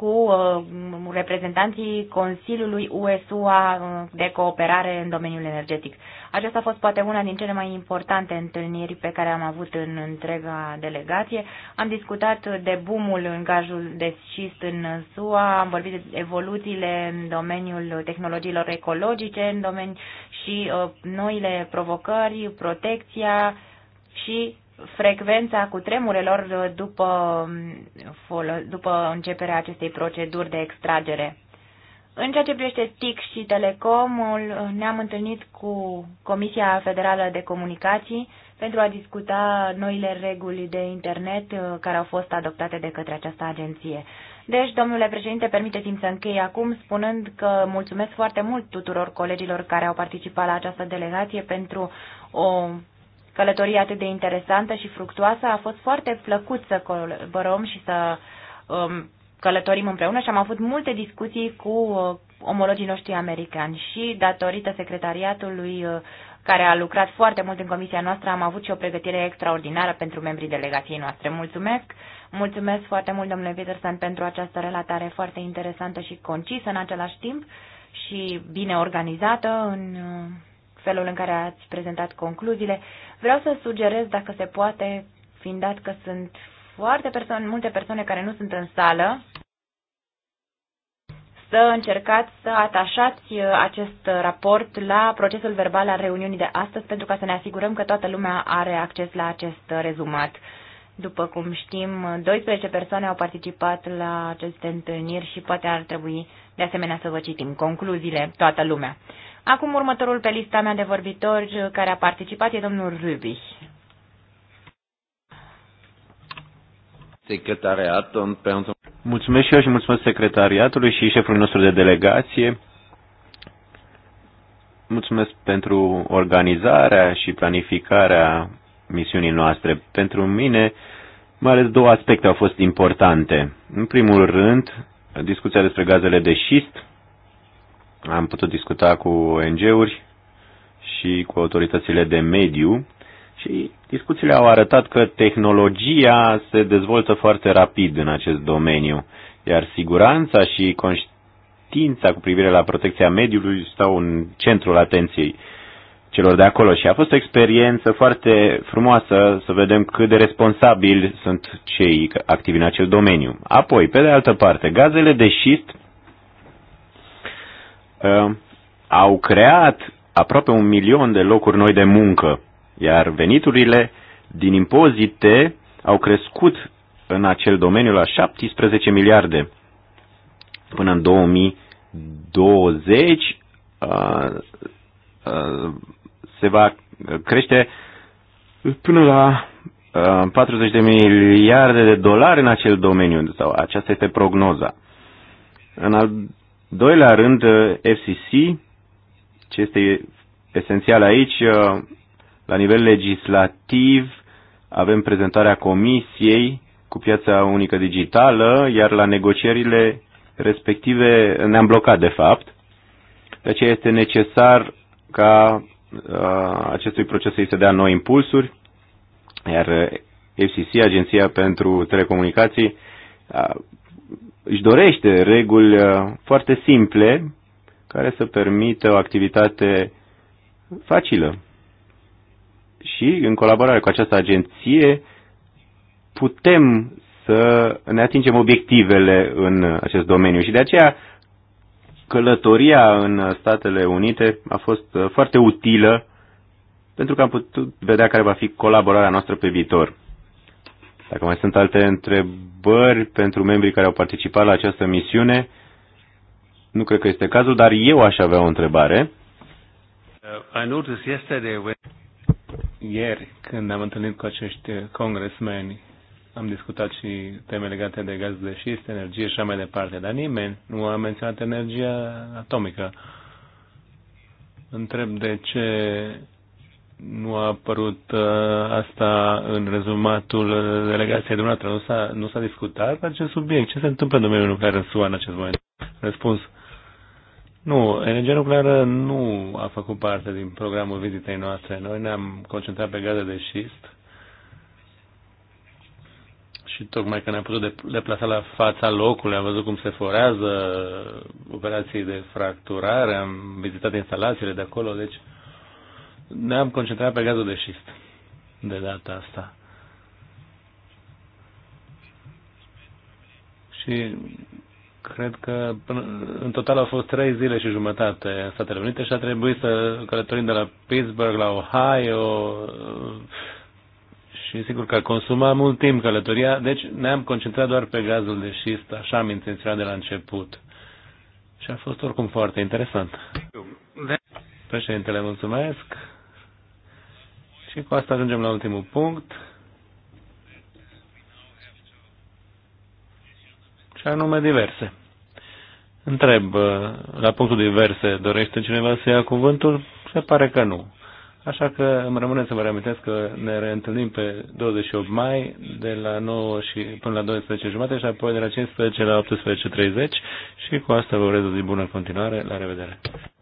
cu uh, reprezentanții Consiliului USUA uh, de cooperare în domeniul energetic. Aceasta a fost poate una din cele mai importante întâlniri pe care am avut în întreaga delegație. Am discutat de boomul în gazul de șist în SUA, am vorbit de evoluțiile în domeniul tehnologiilor ecologice în domeni și uh, noile provocări, protecția și frecvența cu tremurelor după, după începerea acestei proceduri de extragere. În ceea ce privește TIC și Telecomul, ne-am întâlnit cu Comisia Federală de Comunicații pentru a discuta noile reguli de internet uh, care au fost adoptate de către această agenție. Deci, domnule președinte, permiteți-mi să închei acum spunând că mulțumesc foarte mult tuturor colegilor care au participat la această delegație pentru o călătorie atât de interesantă și fructuoasă. A fost foarte plăcut să colaborăm și să um, călătorim împreună și am avut multe discuții cu uh, omologii noștri americani și datorită secretariatului uh, care a lucrat foarte mult în comisia noastră, am avut și o pregătire extraordinară pentru membrii delegației noastre. Mulțumesc! Mulțumesc foarte mult, domnule Peterson, pentru această relatare foarte interesantă și concisă în același timp și bine organizată în uh, felul în care ați prezentat concluziile. Vreau să sugerez, dacă se poate, fiind dat că sunt foarte perso- multe persoane care nu sunt în sală, să încercați să atașați uh, acest raport la procesul verbal al reuniunii de astăzi pentru ca să ne asigurăm că toată lumea are acces la acest uh, rezumat. După cum știm, 12 persoane au participat la aceste întâlniri și poate ar trebui de asemenea să vă citim concluziile, toată lumea. Acum următorul pe lista mea de vorbitori care a participat e domnul Rübich. Mulțumesc și eu și mulțumesc secretariatului și șefului nostru de delegație. Mulțumesc pentru organizarea și planificarea misiunii noastre. Pentru mine, mai ales două aspecte au fost importante. În primul rând, discuția despre gazele de șist am putut discuta cu ONG-uri și cu autoritățile de mediu și discuțiile au arătat că tehnologia se dezvoltă foarte rapid în acest domeniu, iar siguranța și conștiința cu privire la protecția mediului stau în centrul atenției celor de acolo și a fost o experiență foarte frumoasă să vedem cât de responsabili sunt cei activi în acel domeniu. Apoi, pe de altă parte, gazele de șist Ă, au creat aproape un milion de locuri noi de muncă, iar veniturile din impozite au crescut în acel domeniu la 17 miliarde. Până în 2020 ă, ă, se va crește până la 40 de miliarde de dolari în acel domeniu, sau aceasta este prognoza. În al Doilea rând, eh, FCC, ce este esențial aici, eh, la nivel legislativ, avem prezentarea Comisiei cu piața unică digitală, iar la negocierile respective ne-am blocat, de fapt. De aceea este necesar ca eh, acestui proces să-i se dea noi impulsuri, iar FCC, Agenția pentru Telecomunicații, își dorește reguli uh, foarte simple care să permită o activitate facilă. Și în colaborare cu această agenție putem să ne atingem obiectivele în acest domeniu. Și de aceea călătoria în Statele Unite a fost uh, foarte utilă pentru că am putut vedea care va fi colaborarea noastră pe viitor. Dacă mai sunt alte întrebări pentru membrii care au participat la această misiune, nu cred că este cazul, dar eu aș avea o întrebare. Uh, Ieri, când am întâlnit cu acești congresmeni, am discutat și teme legate de gaz de șist, energie și așa mai departe, dar nimeni nu a menționat energia atomică. Întreb de ce nu a apărut uh, asta în rezumatul delegației dumneavoastră. Nu s-a, nu s-a discutat acest subiect. Ce se întâmplă în domeniul nuclear în SUA în acest moment? Răspuns. Nu, energia nucleară nu a făcut parte din programul vizitei noastre. Noi ne-am concentrat pe gaze de șist și tocmai că ne-am putut deplasa la fața locului, am văzut cum se forează operații de fracturare, am vizitat instalațiile de acolo, deci uh, ne-am concentrat pe gazul de șist de data asta. Și cred că până, în total au fost trei zile și jumătate în Statele Unite și a trebuit să călătorim de la Pittsburgh la Ohio și sigur că a consumat mult timp călătoria, deci ne-am concentrat doar pe gazul de șist, așa am intenționat de la început. Și a fost oricum foarte interesant. Președintele, mulțumesc. Și cu asta ajungem la ultimul punct. Și anume diverse. Întreb, uh, la punctul diverse, dorește cineva să ia cuvântul? Se pare că nu. Așa că îmi rămâne să vă reamintesc că ne reîntâlnim pe 28 mai de la 9 și până la 12 jumate și apoi de la 15 la 18.30 și cu asta vă urez o zi bună în continuare. La revedere!